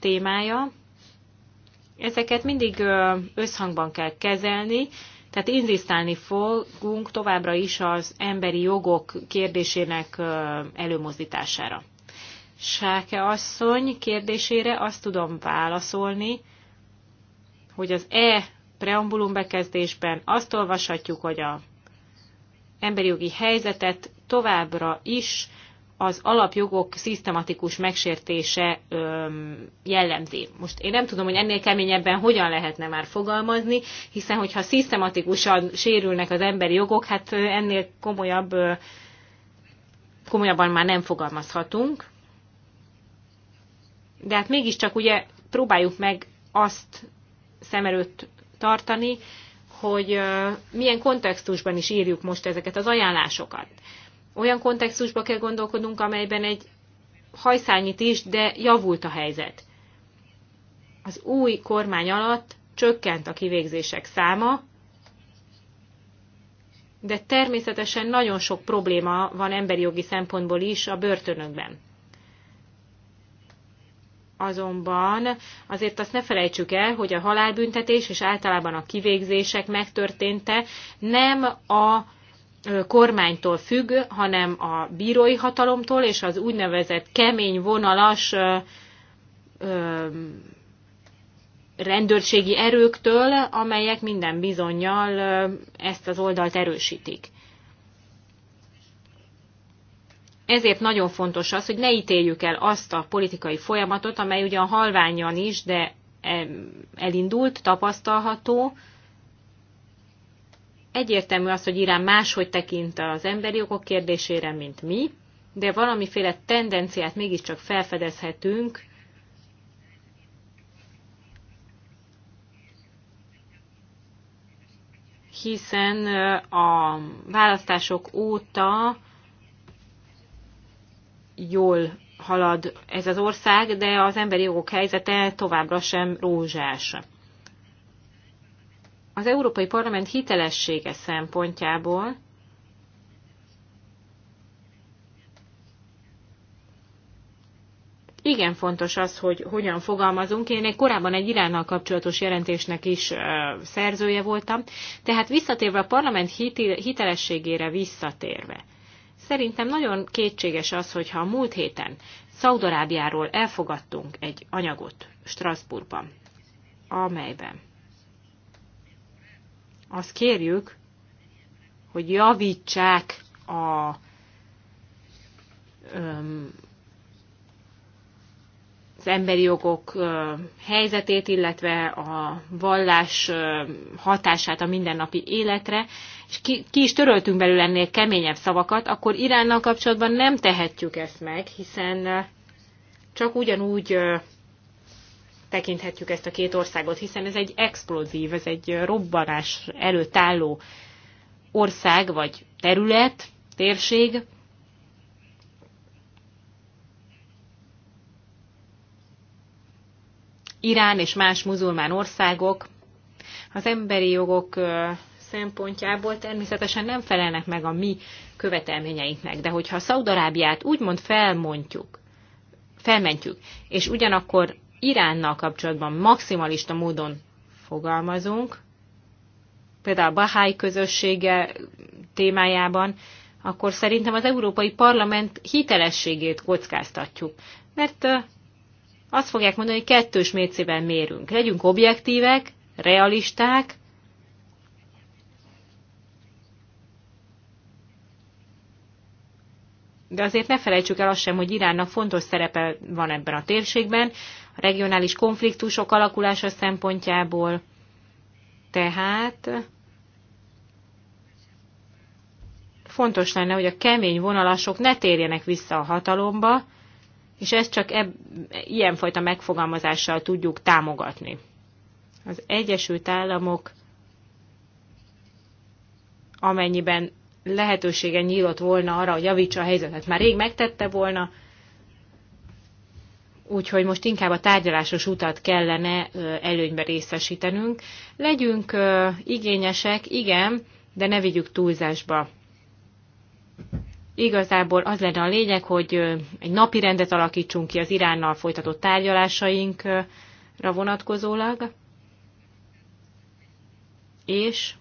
témája, Ezeket mindig összhangban kell kezelni, tehát inzisztálni fogunk továbbra is az emberi jogok kérdésének előmozdítására. Sáke asszony kérdésére azt tudom válaszolni, hogy az E preambulum bekezdésben azt olvashatjuk, hogy a emberi jogi helyzetet továbbra is az alapjogok szisztematikus megsértése jellemzi. Most én nem tudom, hogy ennél keményebben hogyan lehetne már fogalmazni, hiszen hogyha szisztematikusan sérülnek az emberi jogok, hát ennél komolyabb, komolyabban már nem fogalmazhatunk. De hát mégiscsak ugye próbáljuk meg azt szem előtt tartani, hogy milyen kontextusban is írjuk most ezeket az ajánlásokat olyan kontextusba kell gondolkodnunk, amelyben egy hajszányit is, de javult a helyzet. Az új kormány alatt csökkent a kivégzések száma, de természetesen nagyon sok probléma van emberi jogi szempontból is a börtönökben. Azonban azért azt ne felejtsük el, hogy a halálbüntetés és általában a kivégzések megtörténte nem a kormánytól függ, hanem a bírói hatalomtól és az úgynevezett kemény vonalas rendőrségi erőktől, amelyek minden bizonyal ezt az oldalt erősítik. Ezért nagyon fontos az, hogy ne ítéljük el azt a politikai folyamatot, amely ugyan halványan is, de elindult, tapasztalható, egyértelmű az, hogy Irán máshogy tekint az emberi jogok kérdésére, mint mi, de valamiféle tendenciát mégiscsak felfedezhetünk, hiszen a választások óta jól halad ez az ország, de az emberi jogok helyzete továbbra sem rózsás az Európai Parlament hitelessége szempontjából igen fontos az, hogy hogyan fogalmazunk. Én egy korábban egy Iránnal kapcsolatos jelentésnek is ö, szerzője voltam. Tehát visszatérve a parlament hitelességére visszatérve. Szerintem nagyon kétséges az, hogyha a múlt héten Szaudarábiáról elfogadtunk egy anyagot Strasbourgban, amelyben azt kérjük, hogy javítsák a az emberi jogok helyzetét, illetve a vallás hatását a mindennapi életre, és ki, ki is töröltünk belőle ennél keményebb szavakat, akkor Iránnal kapcsolatban nem tehetjük ezt meg, hiszen csak ugyanúgy tekinthetjük ezt a két országot, hiszen ez egy explozív, ez egy robbanás előtt álló ország vagy terület, térség, Irán és más muzulmán országok az emberi jogok szempontjából természetesen nem felelnek meg a mi követelményeinknek, de hogyha Szaudarábiát úgymond felmondjuk, felmentjük, és ugyanakkor Iránnal kapcsolatban maximalista módon fogalmazunk, például a Bahá'í közössége témájában, akkor szerintem az Európai Parlament hitelességét kockáztatjuk. Mert azt fogják mondani, hogy kettős mércében mérünk. Legyünk objektívek, realisták, de azért ne felejtsük el azt sem, hogy Iránnak fontos szerepe van ebben a térségben, a regionális konfliktusok alakulása szempontjából. Tehát fontos lenne, hogy a kemény vonalasok ne térjenek vissza a hatalomba, és ezt csak eb- ilyenfajta megfogalmazással tudjuk támogatni. Az Egyesült Államok amennyiben lehetősége nyílt volna arra, hogy javítsa a helyzetet, már rég megtette volna, Úgyhogy most inkább a tárgyalásos utat kellene előnybe részesítenünk. Legyünk igényesek, igen, de ne vigyük túlzásba. Igazából az lenne a lényeg, hogy egy napi rendet alakítsunk ki az Iránnal folytatott tárgyalásainkra vonatkozólag, és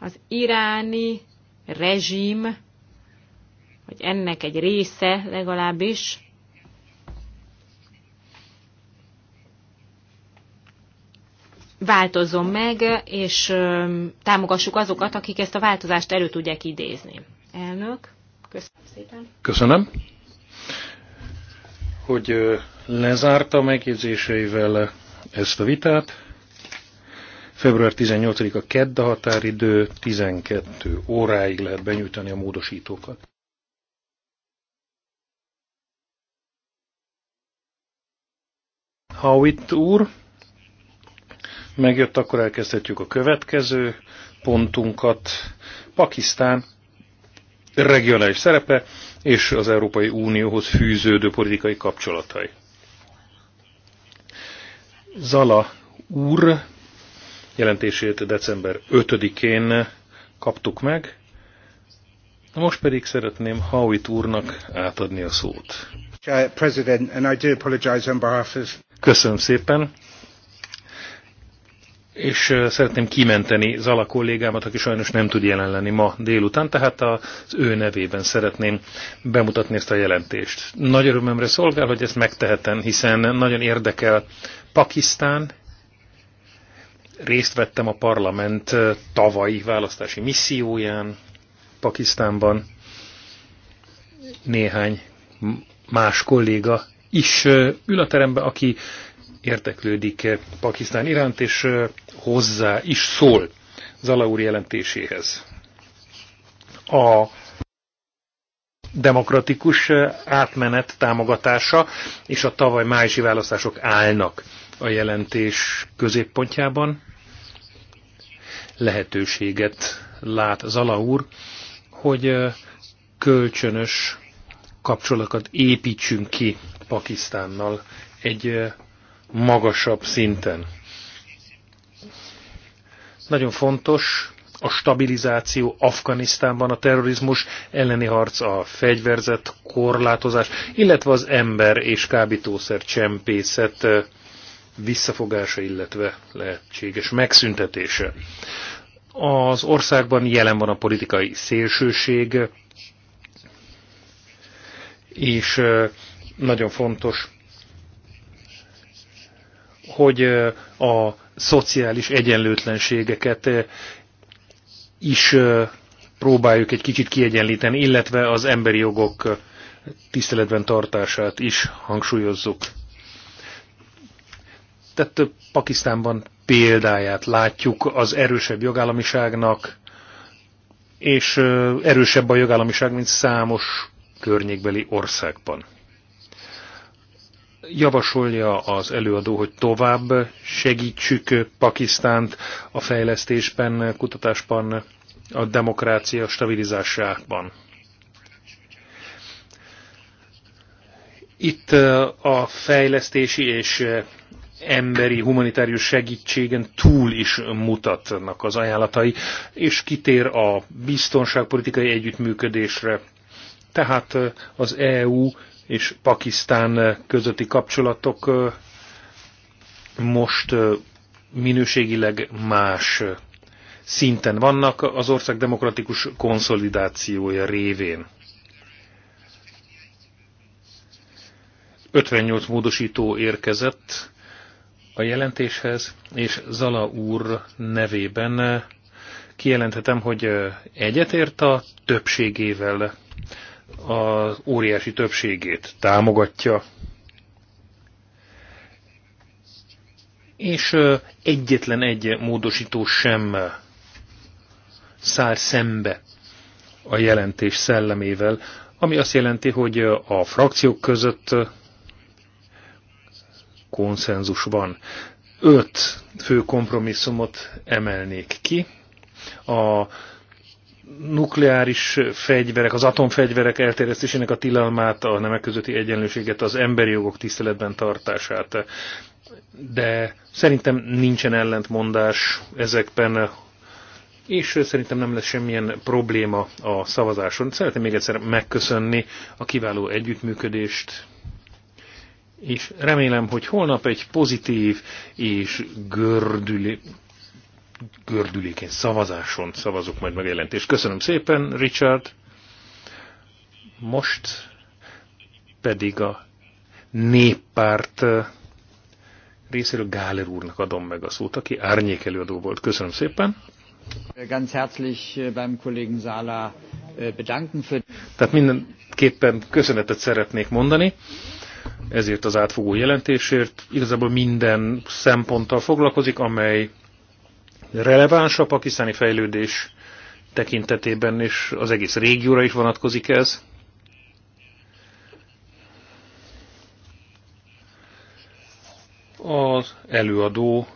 az iráni rezsim, vagy ennek egy része legalábbis, változzon meg, és támogassuk azokat, akik ezt a változást elő tudják idézni. Elnök, köszönöm szépen. Köszönöm, hogy lezárta megjegyzéseivel ezt a vitát. Február 18-a kedda határidő, 12 óráig lehet benyújtani a módosítókat. Howitt úr, megjött, akkor elkezdhetjük a következő pontunkat. Pakisztán regionális szerepe és az Európai Unióhoz fűződő politikai kapcsolatai. Zala úr jelentését december 5-én kaptuk meg, most pedig szeretném Howitt úrnak átadni a szót. Köszönöm szépen, és szeretném kimenteni Zala kollégámat, aki sajnos nem tud jelen lenni ma délután, tehát az ő nevében szeretném bemutatni ezt a jelentést. Nagy örömömre szolgál, hogy ezt megtehetem, hiszen nagyon érdekel Pakisztán, részt vettem a parlament tavalyi választási misszióján Pakisztánban, néhány más kolléga is ül a teremben, aki érteklődik e Pakisztán iránt, és hozzá is szól Zala úr jelentéséhez. A demokratikus átmenet támogatása és a tavaly májusi választások állnak a jelentés középpontjában. Lehetőséget lát Zala úr, hogy kölcsönös kapcsolatokat építsünk ki Pakisztánnal egy magasabb szinten. Nagyon fontos a stabilizáció Afganisztánban, a terrorizmus elleni harc, a fegyverzet, korlátozás, illetve az ember és kábítószer csempészet visszafogása, illetve lehetséges megszüntetése. Az országban jelen van a politikai szélsőség, és nagyon fontos hogy a szociális egyenlőtlenségeket is próbáljuk egy kicsit kiegyenlíteni, illetve az emberi jogok tiszteletben tartását is hangsúlyozzuk. Tehát Pakisztánban példáját látjuk az erősebb jogállamiságnak, és erősebb a jogállamiság, mint számos környékbeli országban javasolja az előadó, hogy tovább segítsük Pakisztánt a fejlesztésben, kutatásban, a demokrácia stabilizásában. Itt uh, a fejlesztési és uh, emberi, humanitárius segítségen túl is mutatnak az ajánlatai, és kitér a biztonságpolitikai együttműködésre. Tehát uh, az EU és Pakisztán eh, közötti kapcsolatok eh, most eh, minőségileg más szinten vannak az ország demokratikus konszolidációja révén. 58 módosító érkezett a jelentéshez, és Zala úr nevében kijelenthetem, hogy egyetért a többségével az óriási többségét támogatja, és egyetlen egy módosító sem száll szembe a jelentés szellemével, ami azt jelenti, hogy a frakciók között konszenzus van. Öt fő kompromisszumot emelnék ki. A nukleáris fegyverek, az atomfegyverek elterjesztésének a tilalmát, a nemek közötti egyenlőséget, az emberi jogok tiszteletben tartását. De szerintem nincsen ellentmondás ezekben, és szerintem nem lesz semmilyen probléma a szavazáson. Szeretném még egyszer megköszönni a kiváló együttműködést, és remélem, hogy holnap egy pozitív és gördülő gördülékeny szavazáson szavazok majd meg a Köszönöm szépen, Richard. Most pedig a néppárt eh, részéről Gáler úrnak adom meg a szót, aki árnyékelőadó volt. Köszönöm szépen. Ganz herzlich eh, beim Kollegen Sala eh, bedanken für... Tehát mindenképpen köszönetet szeretnék mondani ezért az átfogó jelentésért. Igazából minden szemponttal foglalkozik, amely releváns a pakisztáni fejlődés tekintetében, és az egész régióra is vonatkozik ez. Az előadó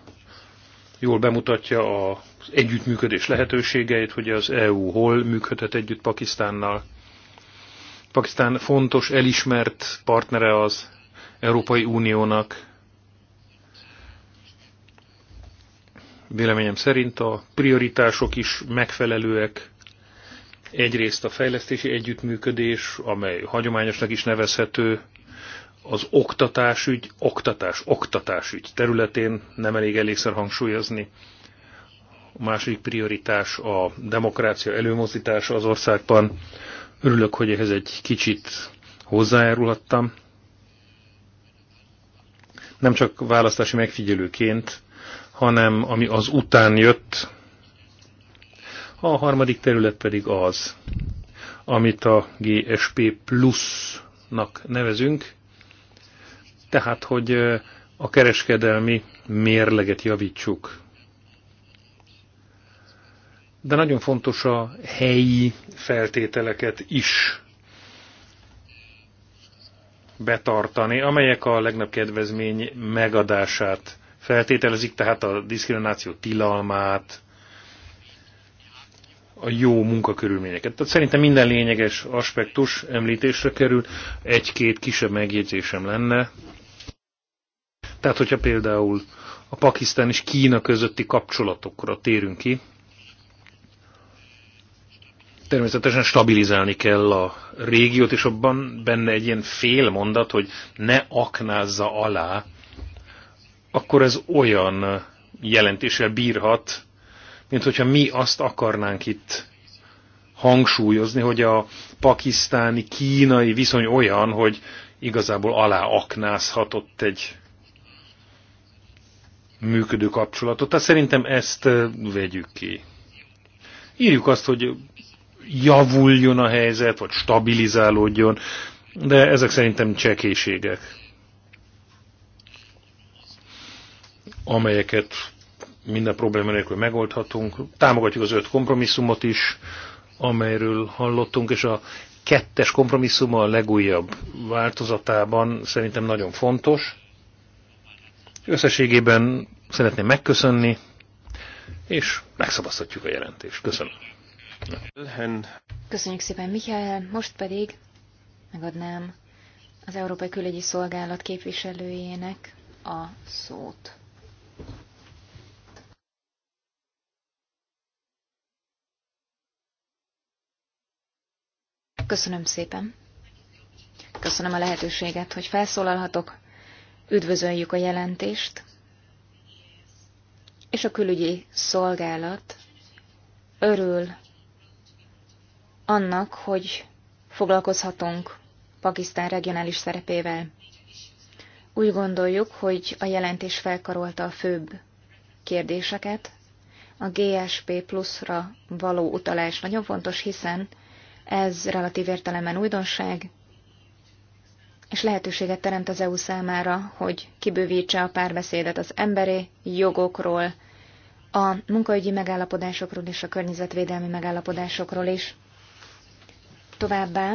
jól bemutatja az együttműködés lehetőségeit, hogy az EU hol működhet együtt Pakisztánnal. Pakisztán fontos, elismert partnere az Európai Uniónak, Véleményem szerint a prioritások is megfelelőek. Egyrészt a fejlesztési együttműködés, amely hagyományosnak is nevezhető, az oktatásügy, oktatás, oktatásügy területén nem elég elégszer hangsúlyozni. A második prioritás a demokrácia előmozdítása az országban. Örülök, hogy ehhez egy kicsit hozzájárulhattam. Nem csak választási megfigyelőként, hanem ami az után jött. A harmadik terület pedig az, amit a GSP plusznak nevezünk, tehát hogy a kereskedelmi mérleget javítsuk. De nagyon fontos a helyi feltételeket is betartani, amelyek a legnagyobb kedvezmény megadását feltételezik, tehát a diszkrimináció tilalmát, a jó munkakörülményeket. Tehát szerintem minden lényeges aspektus említésre kerül, egy-két kisebb megjegyzésem lenne. Tehát, hogyha például a Pakisztán és Kína közötti kapcsolatokra térünk ki, természetesen stabilizálni kell a régiót, és abban benne egy ilyen fél mondat, hogy ne aknázza alá akkor ez olyan jelentéssel bírhat, mint hogyha mi azt akarnánk itt hangsúlyozni, hogy a pakisztáni-kínai viszony olyan, hogy igazából aláaknázhatott egy működő kapcsolatot. Tehát szerintem ezt vegyük ki. Írjuk azt, hogy javuljon a helyzet, vagy stabilizálódjon, de ezek szerintem csekéségek. amelyeket minden probléma nélkül megoldhatunk. Támogatjuk az öt kompromisszumot is, amelyről hallottunk, és a kettes kompromisszuma a legújabb változatában szerintem nagyon fontos. Összességében szeretném megköszönni, és megszabasztatjuk a jelentést. Köszönöm. Köszönjük szépen, Mihály. Most pedig megadnám az Európai Külügyi Szolgálat képviselőjének a szót. Köszönöm szépen. Köszönöm a lehetőséget, hogy felszólalhatok. Üdvözöljük a jelentést. És a külügyi szolgálat örül annak, hogy foglalkozhatunk Pakisztán regionális szerepével. Úgy gondoljuk, hogy a jelentés felkarolta a főbb kérdéseket. A GSP pluszra való utalás nagyon fontos, hiszen ez relatív értelemben újdonság, és lehetőséget teremt az EU számára, hogy kibővítse a párbeszédet az emberi jogokról, a munkaügyi megállapodásokról és a környezetvédelmi megállapodásokról is. Továbbá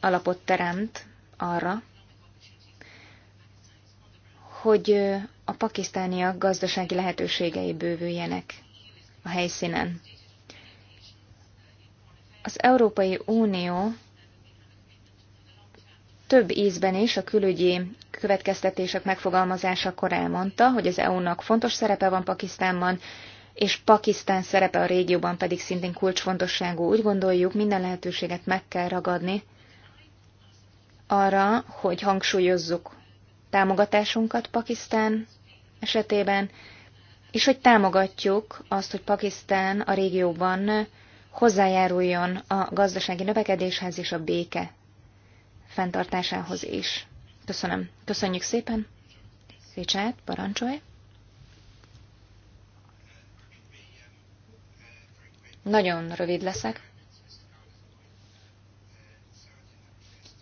alapot teremt arra, hogy a pakisztániak gazdasági lehetőségei bővüljenek a helyszínen. Az Európai Unió több ízben is a külügyi következtetések megfogalmazásakor elmondta, hogy az EU-nak fontos szerepe van Pakisztánban, és Pakisztán szerepe a régióban pedig szintén kulcsfontosságú. Úgy gondoljuk, minden lehetőséget meg kell ragadni arra, hogy hangsúlyozzuk támogatásunkat Pakisztán esetében, és hogy támogatjuk azt, hogy Pakisztán a régióban hozzájáruljon a gazdasági növekedéshez és a béke fenntartásához is. Köszönöm. Köszönjük szépen. Richard, parancsolj. Nagyon rövid leszek.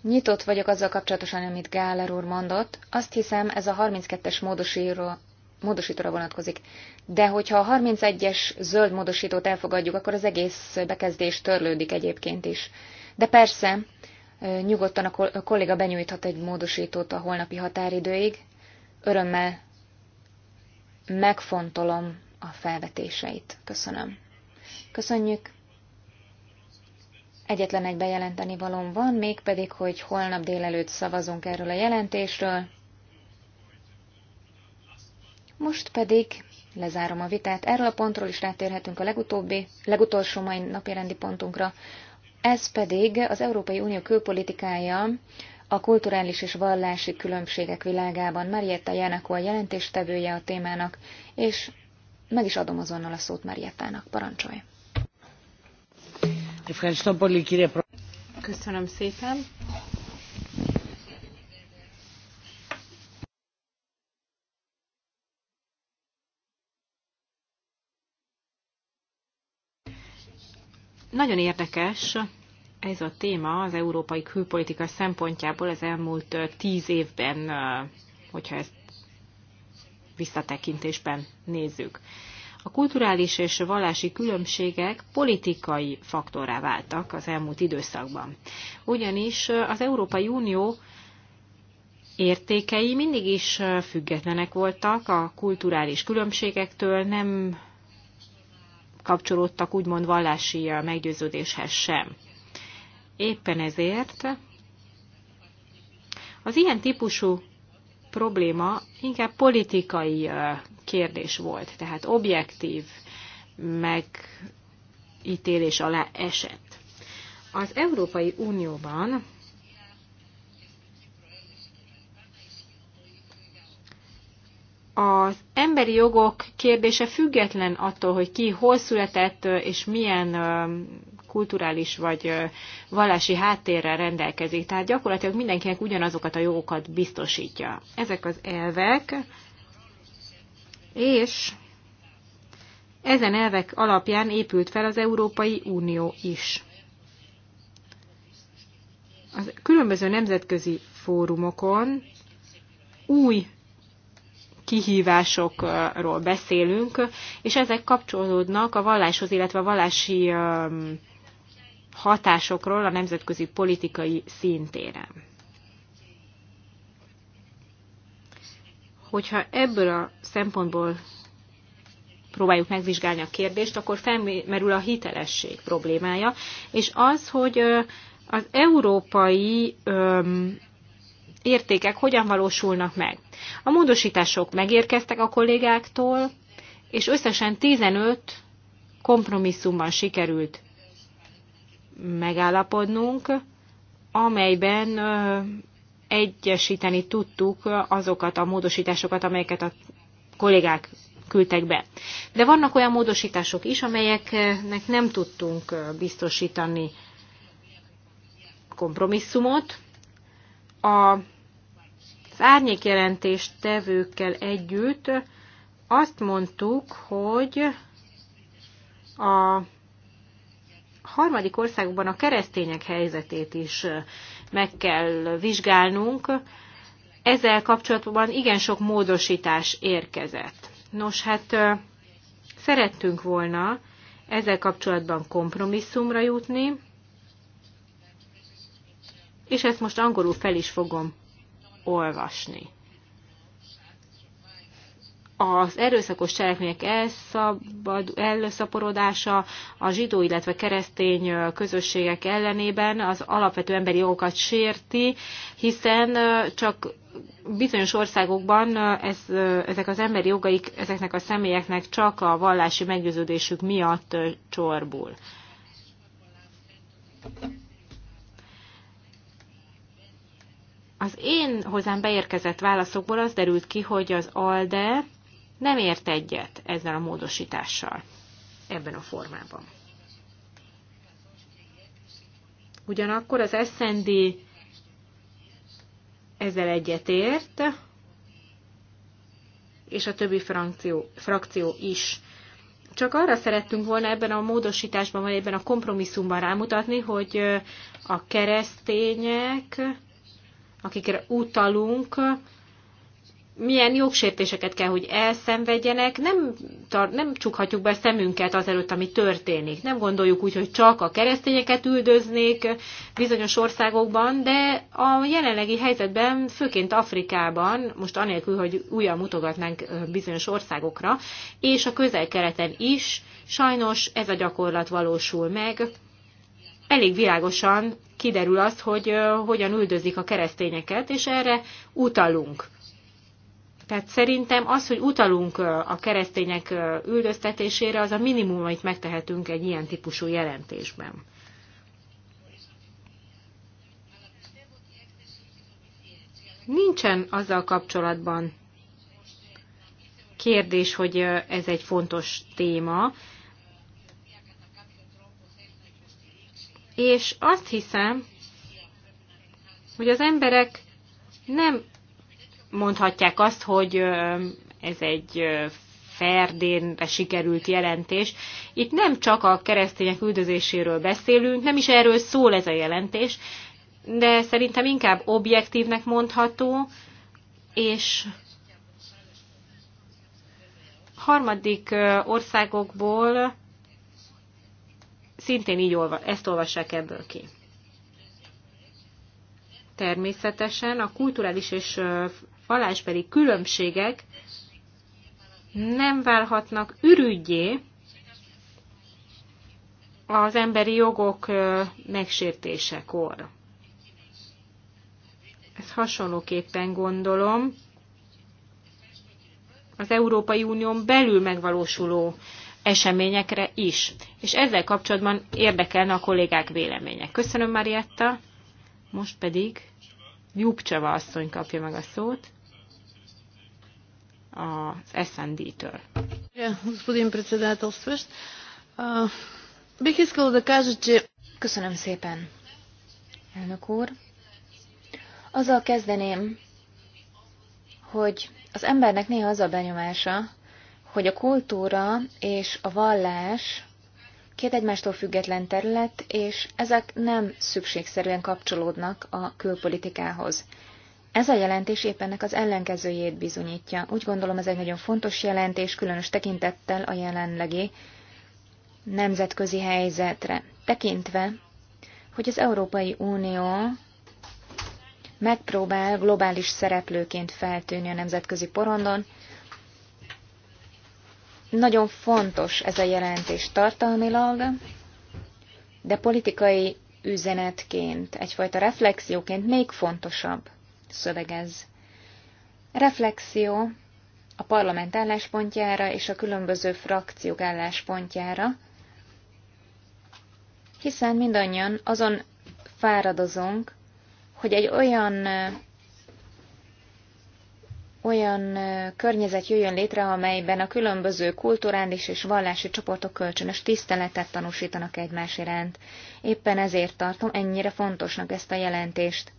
Nyitott vagyok azzal kapcsolatosan, amit Gáler úr mondott. Azt hiszem, ez a 32-es módosítóra vonatkozik. De hogyha a 31-es zöld módosítót elfogadjuk, akkor az egész bekezdés törlődik egyébként is. De persze, nyugodtan a kolléga benyújthat egy módosítót a holnapi határidőig. Örömmel megfontolom a felvetéseit. Köszönöm. Köszönjük. Egyetlen egy bejelenteni valom van, mégpedig, hogy holnap délelőtt szavazunk erről a jelentésről. Most pedig lezárom a vitát. Erről a pontról is rátérhetünk a legutóbbi, legutolsó mai napirendi pontunkra. Ez pedig az Európai Unió külpolitikája a kulturális és vallási különbségek világában. Marietta Jánakó a jelentéstevője a témának, és meg is adom azonnal a szót Mariettának. Parancsolj! Köszönöm szépen. Nagyon érdekes ez a téma az európai külpolitika szempontjából az elmúlt tíz évben, hogyha ezt visszatekintésben nézzük. A kulturális és vallási különbségek politikai faktorá váltak az elmúlt időszakban. Ugyanis az Európai Unió értékei mindig is függetlenek voltak a kulturális különbségektől, nem kapcsolódtak úgymond vallási meggyőződéshez sem. Éppen ezért az ilyen típusú probléma inkább politikai kérdés volt, tehát objektív megítélés alá esett. Az Európai Unióban az emberi jogok kérdése független attól, hogy ki hol született, és milyen kulturális vagy vallási háttérrel rendelkezik. Tehát gyakorlatilag mindenkinek ugyanazokat a jogokat biztosítja. Ezek az elvek és ezen elvek alapján épült fel az Európai Unió is. A különböző nemzetközi fórumokon új kihívásokról beszélünk, és ezek kapcsolódnak a valláshoz, illetve a vallási hatásokról a nemzetközi politikai szintéren. hogyha ebből a szempontból próbáljuk megvizsgálni a kérdést, akkor felmerül a hitelesség problémája, és az, hogy az európai értékek hogyan valósulnak meg. A módosítások megérkeztek a kollégáktól, és összesen 15 kompromisszumban sikerült megállapodnunk, amelyben egyesíteni tudtuk azokat a módosításokat, amelyeket a kollégák küldtek be. De vannak olyan módosítások is, amelyeknek nem tudtunk biztosítani kompromisszumot. A az árnyékjelentést tevőkkel együtt azt mondtuk, hogy a harmadik országokban a keresztények helyzetét is meg kell vizsgálnunk. Ezzel kapcsolatban igen sok módosítás érkezett. Nos, hát szerettünk volna ezzel kapcsolatban kompromisszumra jutni, és ezt most angolul fel is fogom olvasni az erőszakos cselekmények elszabad, elszaporodása a zsidó, illetve keresztény közösségek ellenében az alapvető emberi jogokat sérti, hiszen csak bizonyos országokban ez, ezek az emberi jogaik ezeknek a személyeknek csak a vallási meggyőződésük miatt csorbul. Az én hozzám beérkezett válaszokból az derült ki, hogy az ALDE nem ért egyet ezzel a módosítással ebben a formában. Ugyanakkor az SND ezzel egyetért, és a többi frakció, frakció is. Csak arra szerettünk volna ebben a módosításban, vagy ebben a kompromisszumban rámutatni, hogy a keresztények, akikre utalunk, milyen jogsértéseket kell, hogy elszenvedjenek, nem, tar- nem csukhatjuk be szemünket azelőtt, ami történik. Nem gondoljuk úgy, hogy csak a keresztényeket üldöznék bizonyos országokban, de a jelenlegi helyzetben, főként Afrikában, most anélkül, hogy újra mutogatnánk bizonyos országokra, és a közel-keleten is, sajnos ez a gyakorlat valósul meg. Elég világosan kiderül az, hogy hogyan üldözik a keresztényeket, és erre utalunk tehát szerintem az, hogy utalunk a keresztények üldöztetésére, az a minimum, amit megtehetünk egy ilyen típusú jelentésben. Nincsen azzal kapcsolatban kérdés, hogy ez egy fontos téma. És azt hiszem, hogy az emberek nem mondhatják azt, hogy ez egy Ferdénre sikerült jelentés. Itt nem csak a keresztények üldözéséről beszélünk, nem is erről szól ez a jelentés, de szerintem inkább objektívnek mondható, és harmadik országokból szintén így olva, ezt olvassák ebből ki. Természetesen a kulturális és vallásbeli különbségek nem válhatnak ürügyé az emberi jogok megsértésekor. Ezt hasonlóképpen gondolom az Európai Unión belül megvalósuló eseményekre is. És ezzel kapcsolatban érdekelne a kollégák véleménye. Köszönöm, Marietta. Most pedig Jubcseva asszony kapja meg a szót az SND-től. Köszönöm szépen, elnök úr. Azzal kezdeném, hogy az embernek néha az a benyomása, hogy a kultúra és a vallás két egymástól független terület, és ezek nem szükségszerűen kapcsolódnak a külpolitikához. Ez a jelentés éppen ennek az ellenkezőjét bizonyítja. Úgy gondolom ez egy nagyon fontos jelentés, különös tekintettel a jelenlegi nemzetközi helyzetre. Tekintve, hogy az Európai Unió megpróbál globális szereplőként feltűnni a nemzetközi porondon, nagyon fontos ez a jelentés tartalmilag, de politikai üzenetként, egyfajta reflexióként még fontosabb szöveg Reflexió a parlament álláspontjára és a különböző frakciók álláspontjára, hiszen mindannyian azon fáradozunk, hogy egy olyan olyan környezet jöjjön létre, amelyben a különböző kulturális és vallási csoportok kölcsönös tiszteletet tanúsítanak egymás iránt. Éppen ezért tartom ennyire fontosnak ezt a jelentést.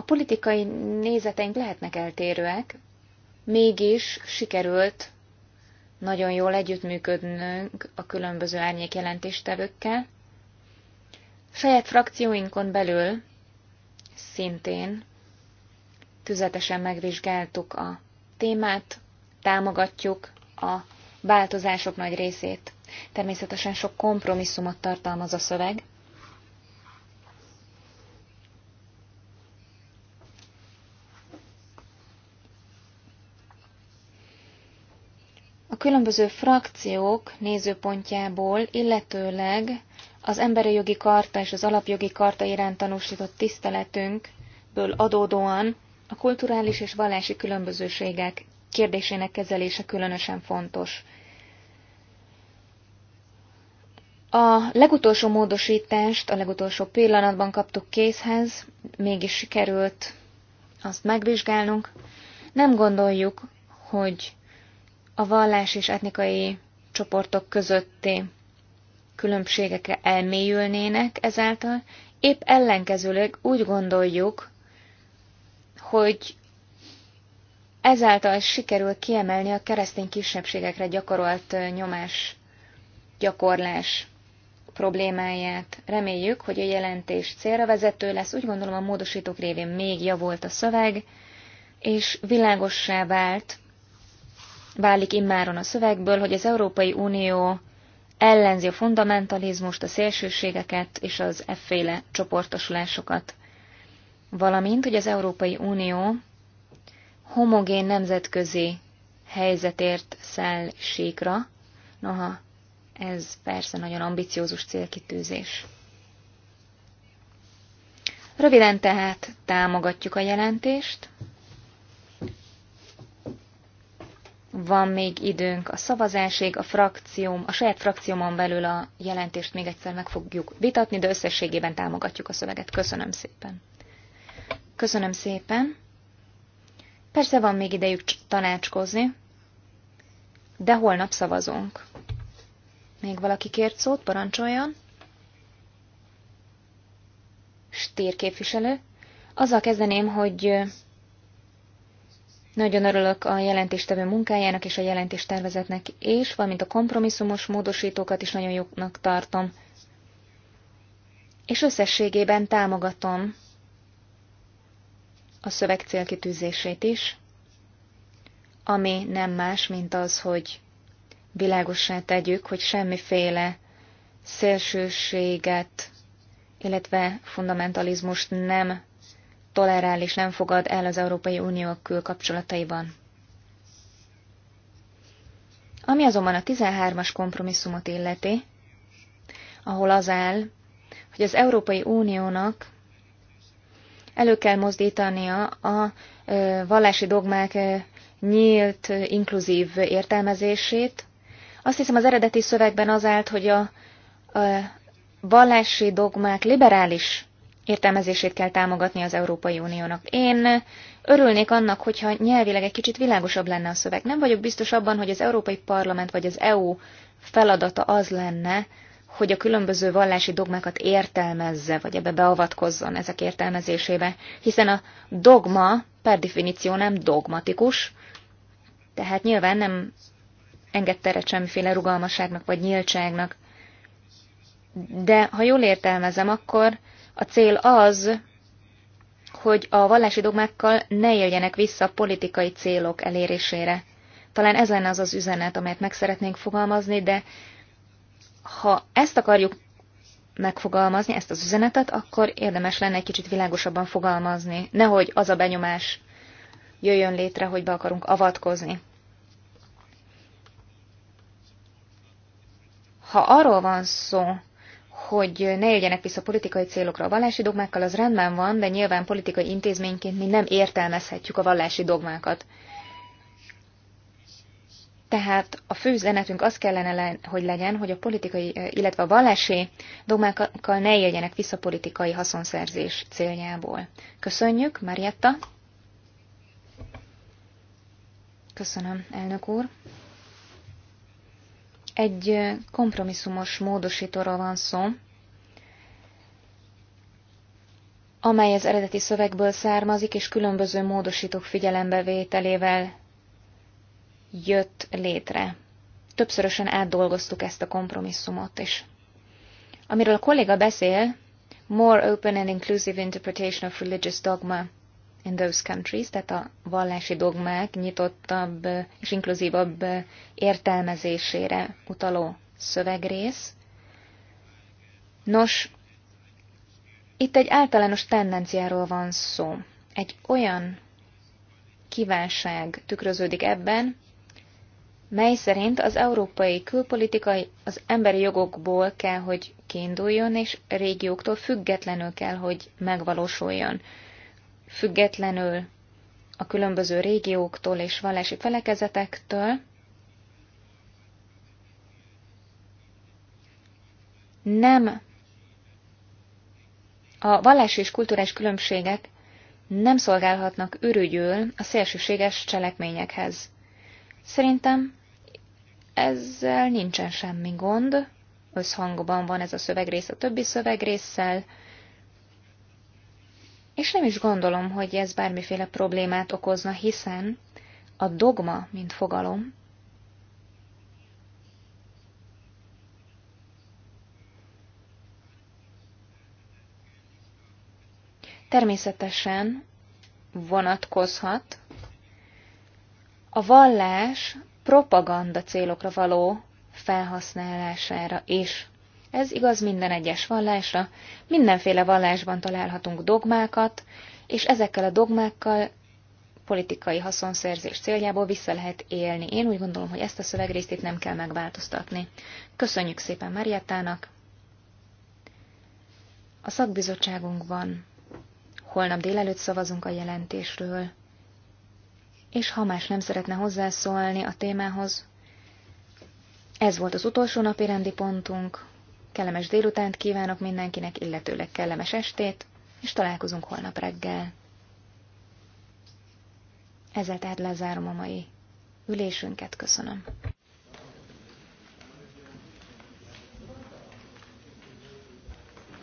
A politikai nézeteink lehetnek eltérőek, mégis sikerült nagyon jól együttműködnünk a különböző árnyék jelentéstevőkkel. Saját frakcióinkon belül szintén tüzetesen megvizsgáltuk a témát, támogatjuk a változások nagy részét. Természetesen sok kompromisszumot tartalmaz a szöveg, különböző frakciók nézőpontjából, illetőleg az emberi jogi karta és az alapjogi karta iránt tanúsított tiszteletünkből adódóan a kulturális és vallási különbözőségek kérdésének kezelése különösen fontos. A legutolsó módosítást a legutolsó pillanatban kaptuk készhez, mégis sikerült azt megvizsgálnunk. Nem gondoljuk, hogy a vallás és etnikai csoportok közötti különbségek elmélyülnének ezáltal, épp ellenkezőleg úgy gondoljuk, hogy ezáltal sikerül kiemelni a keresztény kisebbségekre gyakorolt nyomás gyakorlás problémáját. Reméljük, hogy a jelentés célra vezető lesz. Úgy gondolom a módosítók révén még javult a szöveg, és világossá vált, válik immáron a szövegből, hogy az Európai Unió ellenzi a fundamentalizmust, a szélsőségeket és az efféle csoportosulásokat, valamint, hogy az Európai Unió homogén nemzetközi helyzetért száll síkra, noha ez persze nagyon ambiciózus célkitűzés. Röviden tehát támogatjuk a jelentést, van még időnk a szavazásig, a frakcióm, a saját frakciómon belül a jelentést még egyszer meg fogjuk vitatni, de összességében támogatjuk a szöveget. Köszönöm szépen. Köszönöm szépen. Persze van még idejük tanácskozni, de holnap szavazunk. Még valaki kért szót, parancsoljon. Stér képviselő. Azzal kezdeném, hogy nagyon örülök a jelentéstevő munkájának és a jelentéstervezetnek és valamint a kompromisszumos módosítókat is nagyon jóknak tartom. És összességében támogatom a szöveg célkitűzését is, ami nem más, mint az, hogy világossá tegyük, hogy semmiféle szélsőséget, illetve fundamentalizmust nem tolerál és nem fogad el az Európai Unió külkapcsolataiban. Ami azonban a 13-as kompromisszumot illeti, ahol az áll, hogy az Európai Uniónak elő kell mozdítania a vallási dogmák nyílt, inkluzív értelmezését. Azt hiszem az eredeti szövegben az állt, hogy a, a vallási dogmák liberális értelmezését kell támogatni az Európai Uniónak. Én örülnék annak, hogyha nyelvileg egy kicsit világosabb lenne a szöveg. Nem vagyok biztos abban, hogy az Európai Parlament vagy az EU feladata az lenne, hogy a különböző vallási dogmákat értelmezze, vagy ebbe beavatkozzon ezek értelmezésébe, hiszen a dogma per definíció nem dogmatikus, tehát nyilván nem engedt teret semmiféle rugalmasságnak vagy nyíltságnak. De ha jól értelmezem, akkor a cél az, hogy a vallási dogmákkal ne éljenek vissza a politikai célok elérésére. Talán ez lenne az az üzenet, amelyet meg szeretnénk fogalmazni, de ha ezt akarjuk megfogalmazni, ezt az üzenetet, akkor érdemes lenne egy kicsit világosabban fogalmazni. Nehogy az a benyomás jöjjön létre, hogy be akarunk avatkozni. Ha arról van szó, hogy ne éljenek vissza politikai célokra a vallási dogmákkal, az rendben van, de nyilván politikai intézményként mi nem értelmezhetjük a vallási dogmákat. Tehát a fő zenetünk az kellene, hogy legyen, hogy a politikai, illetve a vallási dogmákkal ne éljenek vissza politikai haszonszerzés céljából. Köszönjük, Marietta. Köszönöm, elnök úr. Egy kompromisszumos módosítóról van szó, amely az eredeti szövegből származik, és különböző módosítók figyelembevételével jött létre. Többszörösen átdolgoztuk ezt a kompromisszumot is. Amiről a kolléga beszél, More Open and Inclusive Interpretation of Religious Dogma – in those countries, tehát a vallási dogmák nyitottabb és inkluzívabb értelmezésére utaló szövegrész. Nos, itt egy általános tendenciáról van szó. Egy olyan kívánság tükröződik ebben, mely szerint az európai külpolitikai az emberi jogokból kell, hogy kiinduljon, és régióktól függetlenül kell, hogy megvalósuljon függetlenül a különböző régióktól és vallási felekezetektől, nem a vallási és kulturális különbségek nem szolgálhatnak ürügyül a szélsőséges cselekményekhez. Szerintem ezzel nincsen semmi gond, összhangban van ez a szövegrész a többi szövegrésszel, és nem is gondolom, hogy ez bármiféle problémát okozna, hiszen a dogma, mint fogalom, természetesen vonatkozhat a vallás propaganda célokra való felhasználására is. Ez igaz minden egyes vallásra, mindenféle vallásban találhatunk dogmákat, és ezekkel a dogmákkal politikai haszonszerzés céljából vissza lehet élni. Én úgy gondolom, hogy ezt a szövegrészt itt nem kell megváltoztatni. Köszönjük szépen Mariettának! A szakbizottságunkban holnap délelőtt szavazunk a jelentésről, és ha más nem szeretne hozzászólni a témához, ez volt az utolsó napi rendi pontunk, Kellemes délutánt kívánok mindenkinek, illetőleg kellemes estét, és találkozunk holnap reggel. Ezzel tehát lezárom a mai ülésünket, köszönöm.